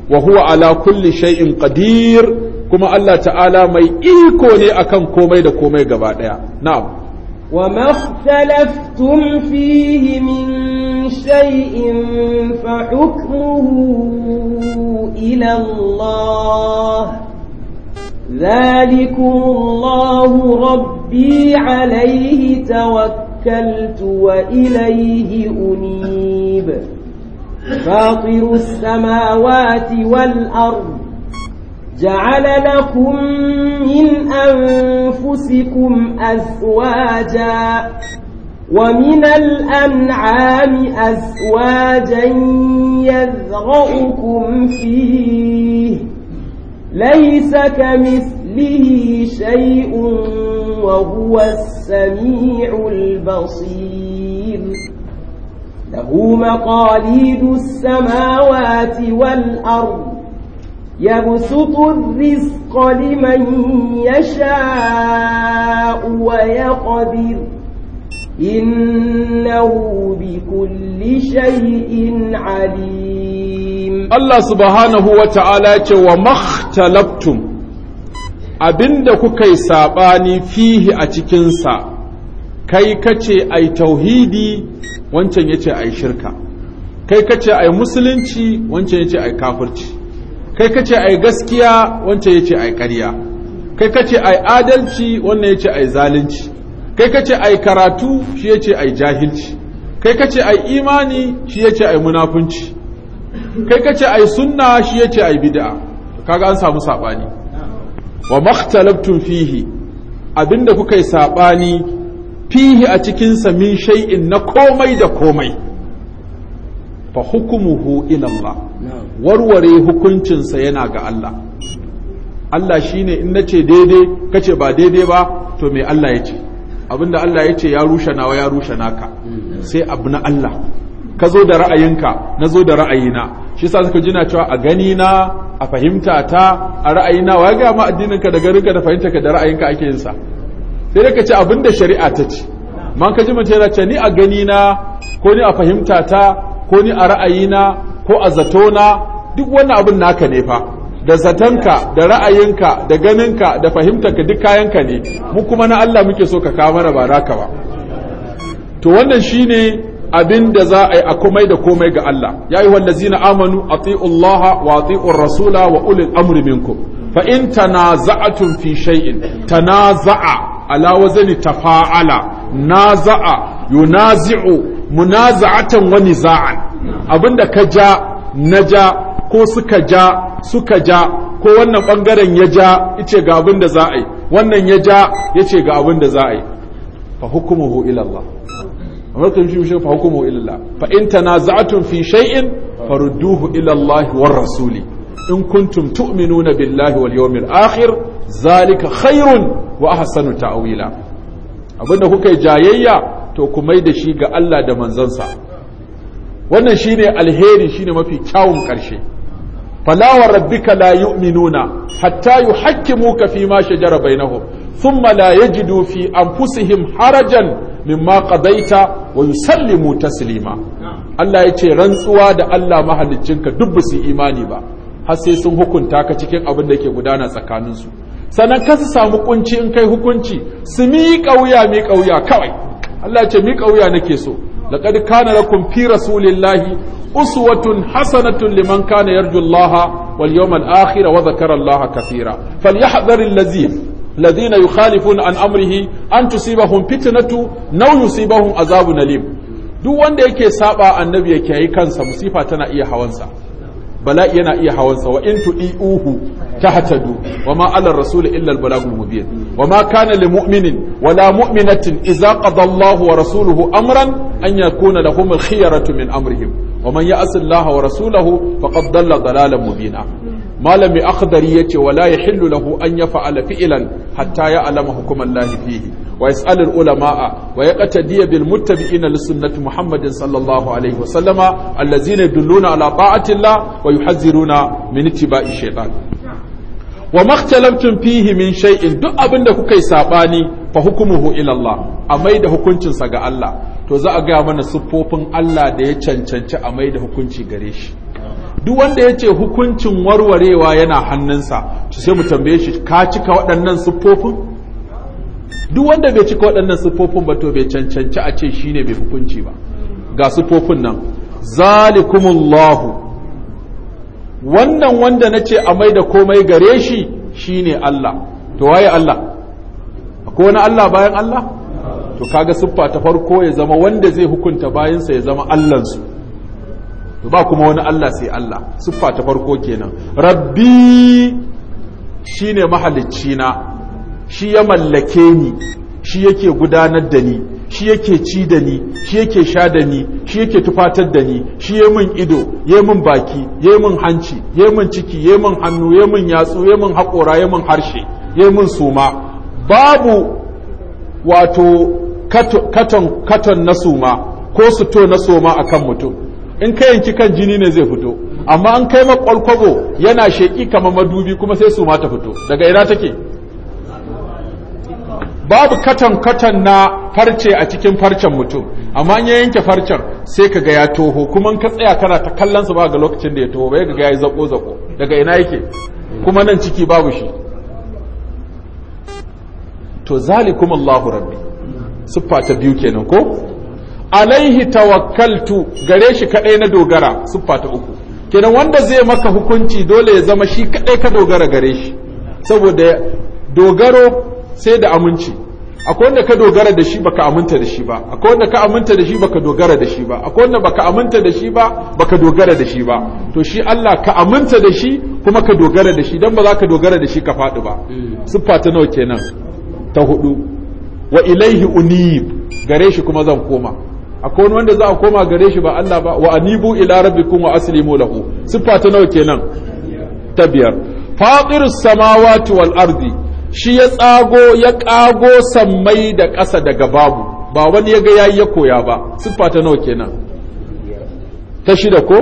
wa huwa ala kulli shay'in qadir kuma Allah ta'ala mai iko ne akan komai da komai gaba ɗaya na'am وما اختلفتم فيه من fa فحكمه إلى Allah. ذلكم الله ربي عليه توكلت وإليه أنيب فاطر السماوات والأرض جعل لكم من أنفسكم أزواجا ومن الأنعام أزواجا يذرأكم فيه ليس كمثله شيء وهو السميع البصير له مقاليد السماوات والأرض يبسط الرزق لمن يشاء ويقدر إنه بكل شيء عليم Allah subhanahu wa ta'ala ce wa makhtalaftum abinda kuka yi saɓani fihi a cikinsa kai kace ai tauhidi wancan yace ai shirka kai kace ai musulunci wancan yace ai kafirci kai kace ai gaskiya wancan yace ai ƙarya kai kace ai adalci wannan yace ai zalunci kai kace ai karatu shi yace ai jahilci kai kace ai imani shi yace ai munafunci kai kace ai sunna shi yace ai bid'a kaga an samu sabani wa makhtalaftum fihi abinda kuka yi sabani fihi a cikin sa min shay'in na komai da komai fa hukumuhu ila Allah warware hukuncin sa yana ga Allah Allah shine in nace daidai kace ba daidai ba to me Allah yace abinda Allah yace ya rushe nawa ya rushe naka mm. sai abu na Allah ka zo da ra'ayinka na zo da ra'ayina shi sa suka jina cewa a gani na a fahimta ta a ra'ayina wa ga ma addininka da garinka da ka da ra'ayinka ake yin sa sai dai ka ce abin da shari'a ta ce man ka ji mace ce ni a gani na ko ni a fahimta ta ko ni a ra'ayina ko a zato na duk wannan abin naka ne fa da zatanka da ra'ayinka da ganinka da fahimtarka duk kayanka ne mu kuma na Allah muke so ka kawo mana ba ba to wannan shine abinda za a yi a komai da komai ga Allah ya yi wallazina amanu a Allah wa ati'u rasula wa ulil amri minku fa in tanaza'atum fi shay'in tanaza'a ala wazni tafa'ala naza'a yunazi'u munaza'atan wani niza'an abinda ka ja na ja ko suka ja suka ja ko wannan bangaren ya ja yace ga abinda za a yi wannan ya ja yace ga abinda za a yi fa ila amma kan shi shi fa hukumu ila fa in tanaza'tum fi shay'in farudduhu ila Allah war rasuli in kuntum tu'minuna billahi wal yawmil akhir zalika khairun wa ahsanu ta'wila abinda kuka jayayya to ku mai da shi ga Allah da manzansa wannan shine alheri shine mafi kyawun karshe فلا وربك لا يؤمنون حتى يحكموك فيما شجر بينهم ثم لا يجدوا في anfusihim harajan. mimma qadaita wa yusallimu taslima Allah yace rantsuwa da Allah mahaliccinka duk ba imani ba har sai sun hukunta ka cikin abin da ke gudana tsakaninsu sannan ka su samu kunci in kai hukunci su miƙa wuya miƙa wuya kawai Allah yace ce miƙa wuya nake so laqad kana lakum fi rasulillahi uswatun hasanatun liman kana yarjullaha Allah wal yawmal akhir wa dhakara Allah kaseera falyahdhar allazi ladina yukhalifuna an amrihi an tusibahum fitnatu naw yusibahum azabun alim duk wanda yake saba annabi yake yi kansa musifa tana iya hawansa bala'i yana iya hawansa wa in tu'iuhu tahtadu wa ma 'ala ar-rasul illa al-balagul mubin wa ma kana lil mu'minin wa la mu'minatin idza qada wa rasuluhu amran an yakuna lahum al-khiyaratu min amrihim wa man ya'si Allah wa rasulahu faqad dalla dalalan mubina malami akhdari yace wala yahillu lahu an yaf'ala fi'lan hatta ya'lama hukuman lahi fihi wa yas'al al ulama wa yaqtadi bil muttabi'ina li sunnati muhammadin sallallahu alaihi wasallama allazina yadulluna ala ta'ati allah wa yuhadhiruna min ittiba'i shaytan wa makhtalaftum fihi min shay'in duk abinda kuka yi sabani fa hukumuhu ila allah amai da hukuncinsa ga Allah to za a ga mana siffofin Allah da ya cancanci amai da hukunci gare shi duk wanda ya ce hukuncin warwarewa yana hannunsa su sai mu tambaye shi ka cika waɗannan siffofin duk wanda bai cika waɗannan siffofin ba to bai cancanci a ce shi ne mai hukunci ba ga siffofin nan zalikumullahu wannan wanda na ce a mai da komai gare shi shi ne Allah to waye Allah akwai wani Allah bayan Allah to kaga siffa ta farko ya zama wanda zai hukunta bayansa ya zama Allahnsu to ba kuma wani Allah sai Allah siffa ta farko kenan rabbi shine mahalicci na shi ya mallake ni shi yake gudanar da ni shi yake ci da ni shi yake sha da ni shi yake tufatar da ni shi ya min ido ya min baki ya min hanci ya min ciki ya min hannu ya min yatsu ya min haƙora ya min harshe ya min suma babu wato katon katon na suma ko suto na soma akan mutum in ka yanki kan jini ne zai fito amma an kai makwalkwabo yana sheƙi kamar madubi kuma sai su mata fito daga ina take babu katan katan na farce a cikin farcen mutum amma ya yanke farcen sai ka ga ya toho kuma ka tsaya kana ta kallon su ba ga lokacin da ya toho bai ga ya yi zako zako daga ina yake kuma nan ciki babu shi to zalikum Allahu rabbi siffa ta biyu kenan ko alaihi tawakkaltu gare shi kadai na dogara siffa ta uku kenan wanda zai maka hukunci dole ya zama shi kadai ka dogara gare shi saboda dogaro sai da aminci akwai wanda ka dogara da shi baka aminta da shi ba akwai wanda ka aminta da shi baka dogara da shi ba akwai wanda baka aminta da shi ba baka dogara da shi ba to shi Allah ka aminta da shi kuma ka dogara da shi dan ba za ka dogara da shi ka faɗi ba siffa ta nawa kenan ta hudu wa ilaihi unib gare shi kuma zan koma akwai wanda za a koma gare shi ba Allah ba wa anibu ila rabbikum wa aslimu lahu siffa ta nawa kenan ta biyar samawati wal ardi shi ya tsago ya kago sammai da ƙasa daga babu ba wani yaga yayi ya koya ba siffa ta nawa kenan ta shida ko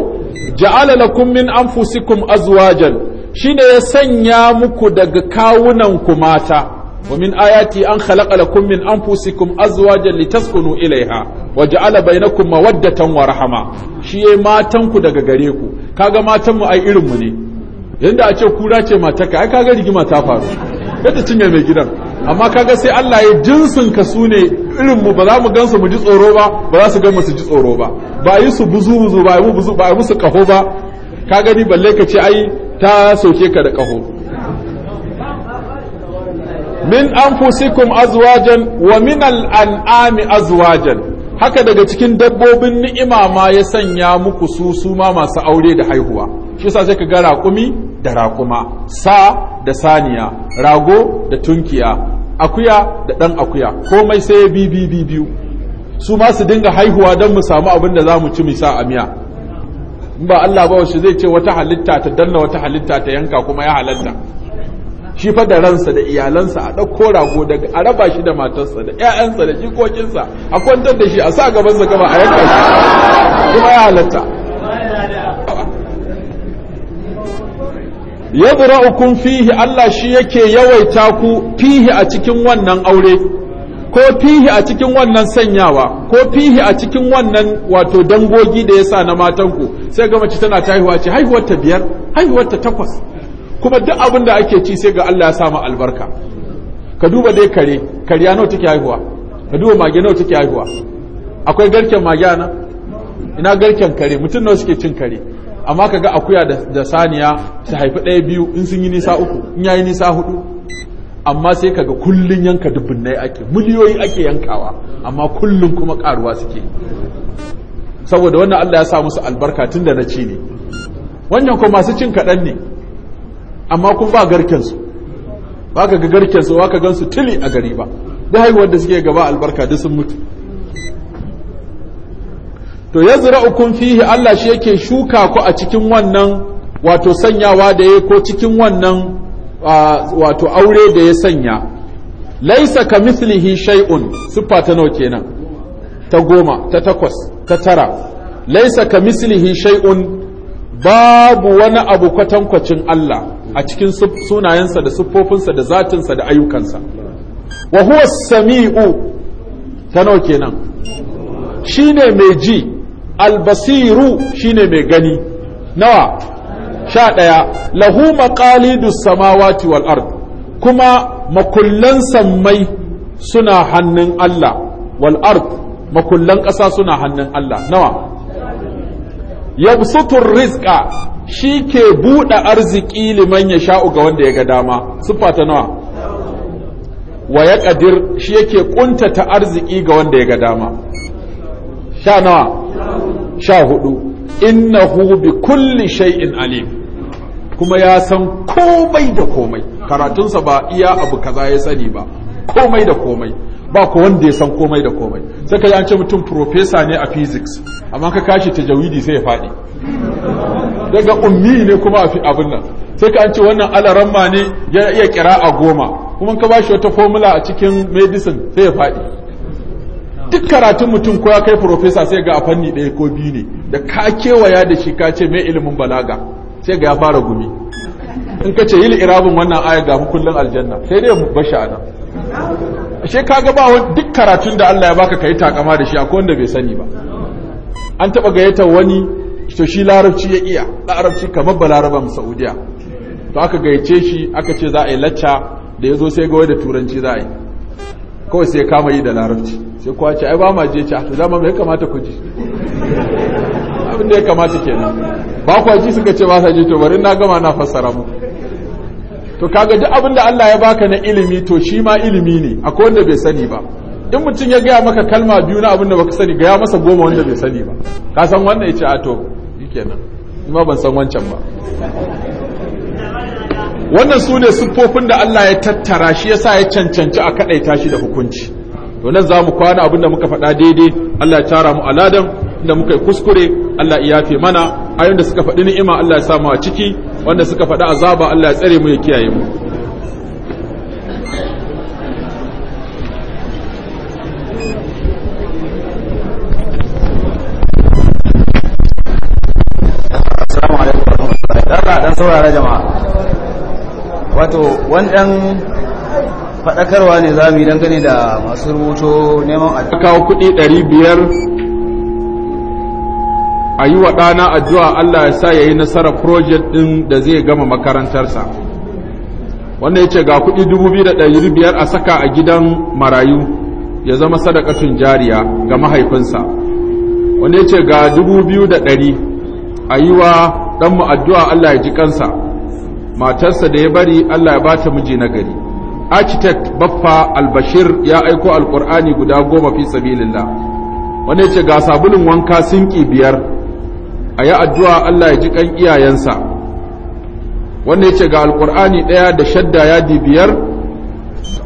ja'ala lakum min anfusikum azwajan shine ya sanya muku daga kawunan ku mata wa min ayati an khalaqa lakum min anfusikum azwajan litaskunu ilaiha ala bainakum mawaddatan wa rahama shi yayi matan ku daga gare ku kaga matan mu ai irin mu ne yanda a ce kura ce ka ai kaga rigima ta faru yadda cinye mai gidan amma kaga sai Allah ya jinsin ka su ne irin mu ba za mu gansu mu ji tsoro ba ba za su gan su ji tsoro ba ba yi su buzu buzu ba yi buzu ba yi musu kaho ba ka gani balle ka ce ai ta soke ka da kaho min anfusikum azwajan wa min al-an'ami azwajan haka daga cikin dabbobin ni'ima ma ya sanya muku su su ma masu aure da haihuwa shi sa sai ka ga raƙumi da raƙuma sa da saniya rago da tunkiya akuya da ɗan akuya komai sai ya bi biyu su ma su dinga haihuwa don mu samu abin da za mu ci misa a miya in ba Allah ba shi zai ce wata halitta ta danna wata halitta ta yanka kuma ya halatta shi fa da ransa da iyalansa a ɗauko rago daga a raba shi da matarsa da ƴaƴansa da jikokinsa a kwantar da shi a sa gaban sa gaba a yanka shi kuma ya halatta yadra'ukum fihi Allah shi yake yawaita ku fihi a cikin wannan aure ko fihi a cikin wannan sanyawa ko fihi a cikin wannan wato dangogi da yasa na matanku sai ga mace tana ta haihuwa ce haihuwar ta biyar haihuwar ta takwas kuma duk abin da ake ci sai ga Allah ya samu albarka ka duba dai kare kariya nawa take haihuwa ka duba mage nawa take haihuwa akwai garken mage na ina garken kare mutum nawa suke cin kare amma ka ga akuya da saniya su haifi ɗaya biyu in sun yi nisa uku in yayi nisa hudu amma sai kaga kullun yanka dubbin ake miliyoyi ake yankawa amma kullun kuma karuwa suke saboda wannan Allah ya sa musu albarka tun da na ci ne wannan ko masu cin kaɗan ne amma kun ba garkensu ba ka ga garkensu ba ka gansu tili a gari ba da haihuwar da suke gaba albarka da sun mutu to ya ukun fihi Allah shi yake shuka ku a cikin wannan wato sanyawa da ya ko cikin wannan wato aure da ya sanya laisa ka mislihi shay'un siffa ta nawa kenan ta goma ta takwas ta tara laisa ka mislihi shay'un babu wani abu kwatankwacin Allah a cikin sunayensa da siffofinsa da zatinsa da ayyukansa wa huwa sami'u ta nawa kenan shine mai ji albasiru shine mai gani nawa sha ɗaya lahu maqalidu samawati wal ard kuma makullan sammai suna hannun Allah wal ard makullan ƙasa suna hannun Allah nawa yabsutur rizqa shi ke buɗe arziki liman ya sha'u ga wanda ya ga dama su ta nawa wa ya ƙadir shi yake ta arziki ga wanda ya ga dama sha nawa sha hudu inna hubi kulli sha'in alim kuma ya san komai da komai karatunsa ba iya abu kaza ya sani ba komai da komai ba ku wanda ya san komai da komai sai ka ce mutum profesa ne a physics amma ka kashi ta tajawidi sai ya faɗi daga ummi ne kuma a fi abin nan sai ka an ce wannan alaramma ne ya iya kira a goma kuma ka ba shi wata formula a cikin medicine sai ya faɗi duk karatun mutum ko ya kai profesa sai ga a fanni ɗaya ko biyu ne da ka kewaya da shi ka ce mai ilimin balaga sai ga ya fara gumi in ka ce yi irabin wannan aya ga kullum aljanna sai dai ba bashi anan ashe ka ga ba duk karatun da Allah ya baka kai takama da shi akwai wanda bai sani ba an taɓa gayyatar wani to shi larabci ya iya larabci kamar mu saudiya to aka gaice shi aka ce za a yi lacca da ya zo sai gawai da turanci za a yi kawai sai kama yi da larabci sai kuwa ce ai ba ma je ca to ma mai kamata ku ji abin da ya kamata kenan ba kwa ji suka ce ba sa je? to bari na gama na fassara mu to kaga duk abin da Allah ya baka na ilimi to shi ma ilimi ne akwai wanda bai sani ba in mutum ya gaya maka kalma biyu na abin da baka sani gaya masa goma wanda bai sani ba ka san wannan ya ce a to shikenan kuma ban san wancan ba wannan su ne siffofin da Allah ya tattara shi yasa ya cancanci a kadaita shi da hukunci to nan zamu kwana abinda muka faɗa daidai Allah ya tara mu aladan inda muka yi kuskure Allah ya yafe mana ayoyin da suka faɗi ni'ima Allah ya sa mu a ciki wanda suka faɗi azaba Allah ya tsare mu ya kiyaye mu dalla dan saurara jama'a wato wannan faɗakarwa ne za mu yi dangane da masu rubuto neman a kawo kuɗi ɗari biyar a yi wa ɗana addu'a Allah ya sa ya yi nasarar project ɗin da zai gama makarantarsa wanda ya ce ga kuɗi dubu biyu da ɗari biyar a saka a gidan marayu ya zama sadakatun jariya ga mahaifinsa wanda ya ce ga dubu biyu da ɗari a yi wa Ɗan addu'a Allah ya ji kansa matarsa da ya bari Allah ya bata miji na gari architect baffa albashir ya aiko alkur'ani guda goma fi sabilillah wanda ya ga sabulun wanka sinki biyar a yi addu'a Allah ya ji kan iyayensa wanda ya ga alqur'ani ɗaya da shadda ya di biyar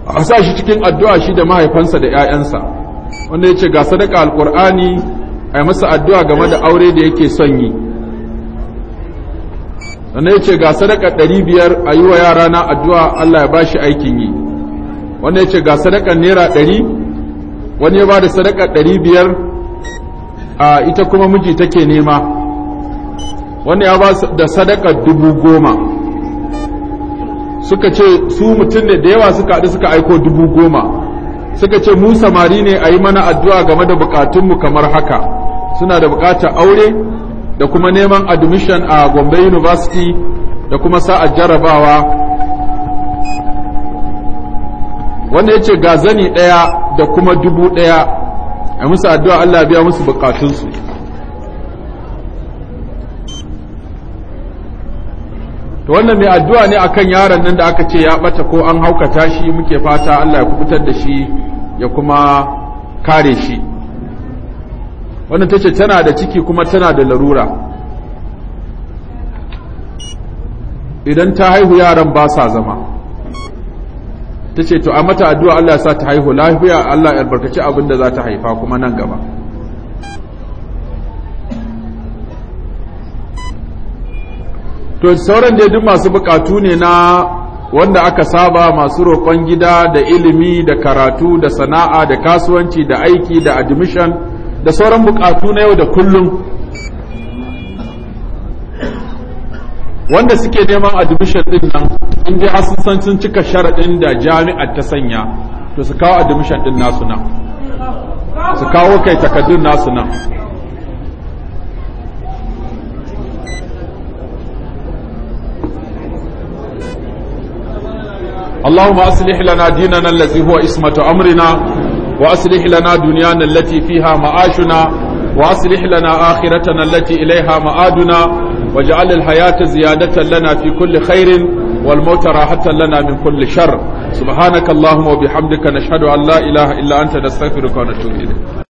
a sa shi cikin addu'a shi da mahaifansa da ‘ya'yansa wanda ya ga sadaka alkur'ani a masa addu'a game da aure da yake son yi sannan ya ce ga sadaka ɗari biyar a yi wa yara na addu'a Allah ya ba shi aikin yi wanda ya ce ga sadaka naira ɗari wani ya ba da sadaka ɗari biyar a ita kuma miji take nema wanda ya ba da sadaka dubu goma suka ce su mutum ne da yawa suka haɗu suka aiko dubu goma suka ce mu samari ne a yi mana addu'a game da bukatunmu kamar haka suna da bukatar aure da kuma neman admission a Gombe University da kuma sa'a jarabawa wanda yace ga zani daya da kuma dubu daya a musu addu'a Allah biya musu bukatunsu to wannan mai addu'a ne akan yaron nan da aka ce ya ɓata ko an haukata shi muke fata Allah ya kubutar da shi ya kuma kare shi wannan ta ce tana da ciki kuma tana da larura idan ta haihu yaran ba sa zama ta ce to a mata addu'a Allah sa ta haihu lafiya Allah albarkaci abin da za ta haifa kuma nan gaba to sauran da duk masu bukatu ne na wanda aka saba masu roƙon gida da ilimi da karatu da sana'a da kasuwanci da aiki da admission da sauran bukatu na yau da kullum wanda suke neman admission din nan in dai har san sun cika sharaɗin da jami'ar ta sanya to su kawo admission din nasu nan su kawo kai takardun nasu nan اللهم أصلح لنا ديننا الذي هو اسمة أمرنا وأصلح لنا دنيانا التي فيها معاشنا وأصلح لنا آخرتنا التي إليها مآدنا واجعل الحياة زيادة لنا في كل خير والموت راحة لنا من كل شر سبحانك اللهم وبحمدك نشهد أن لا إله إلا أنت نستغفرك ونتوب إليك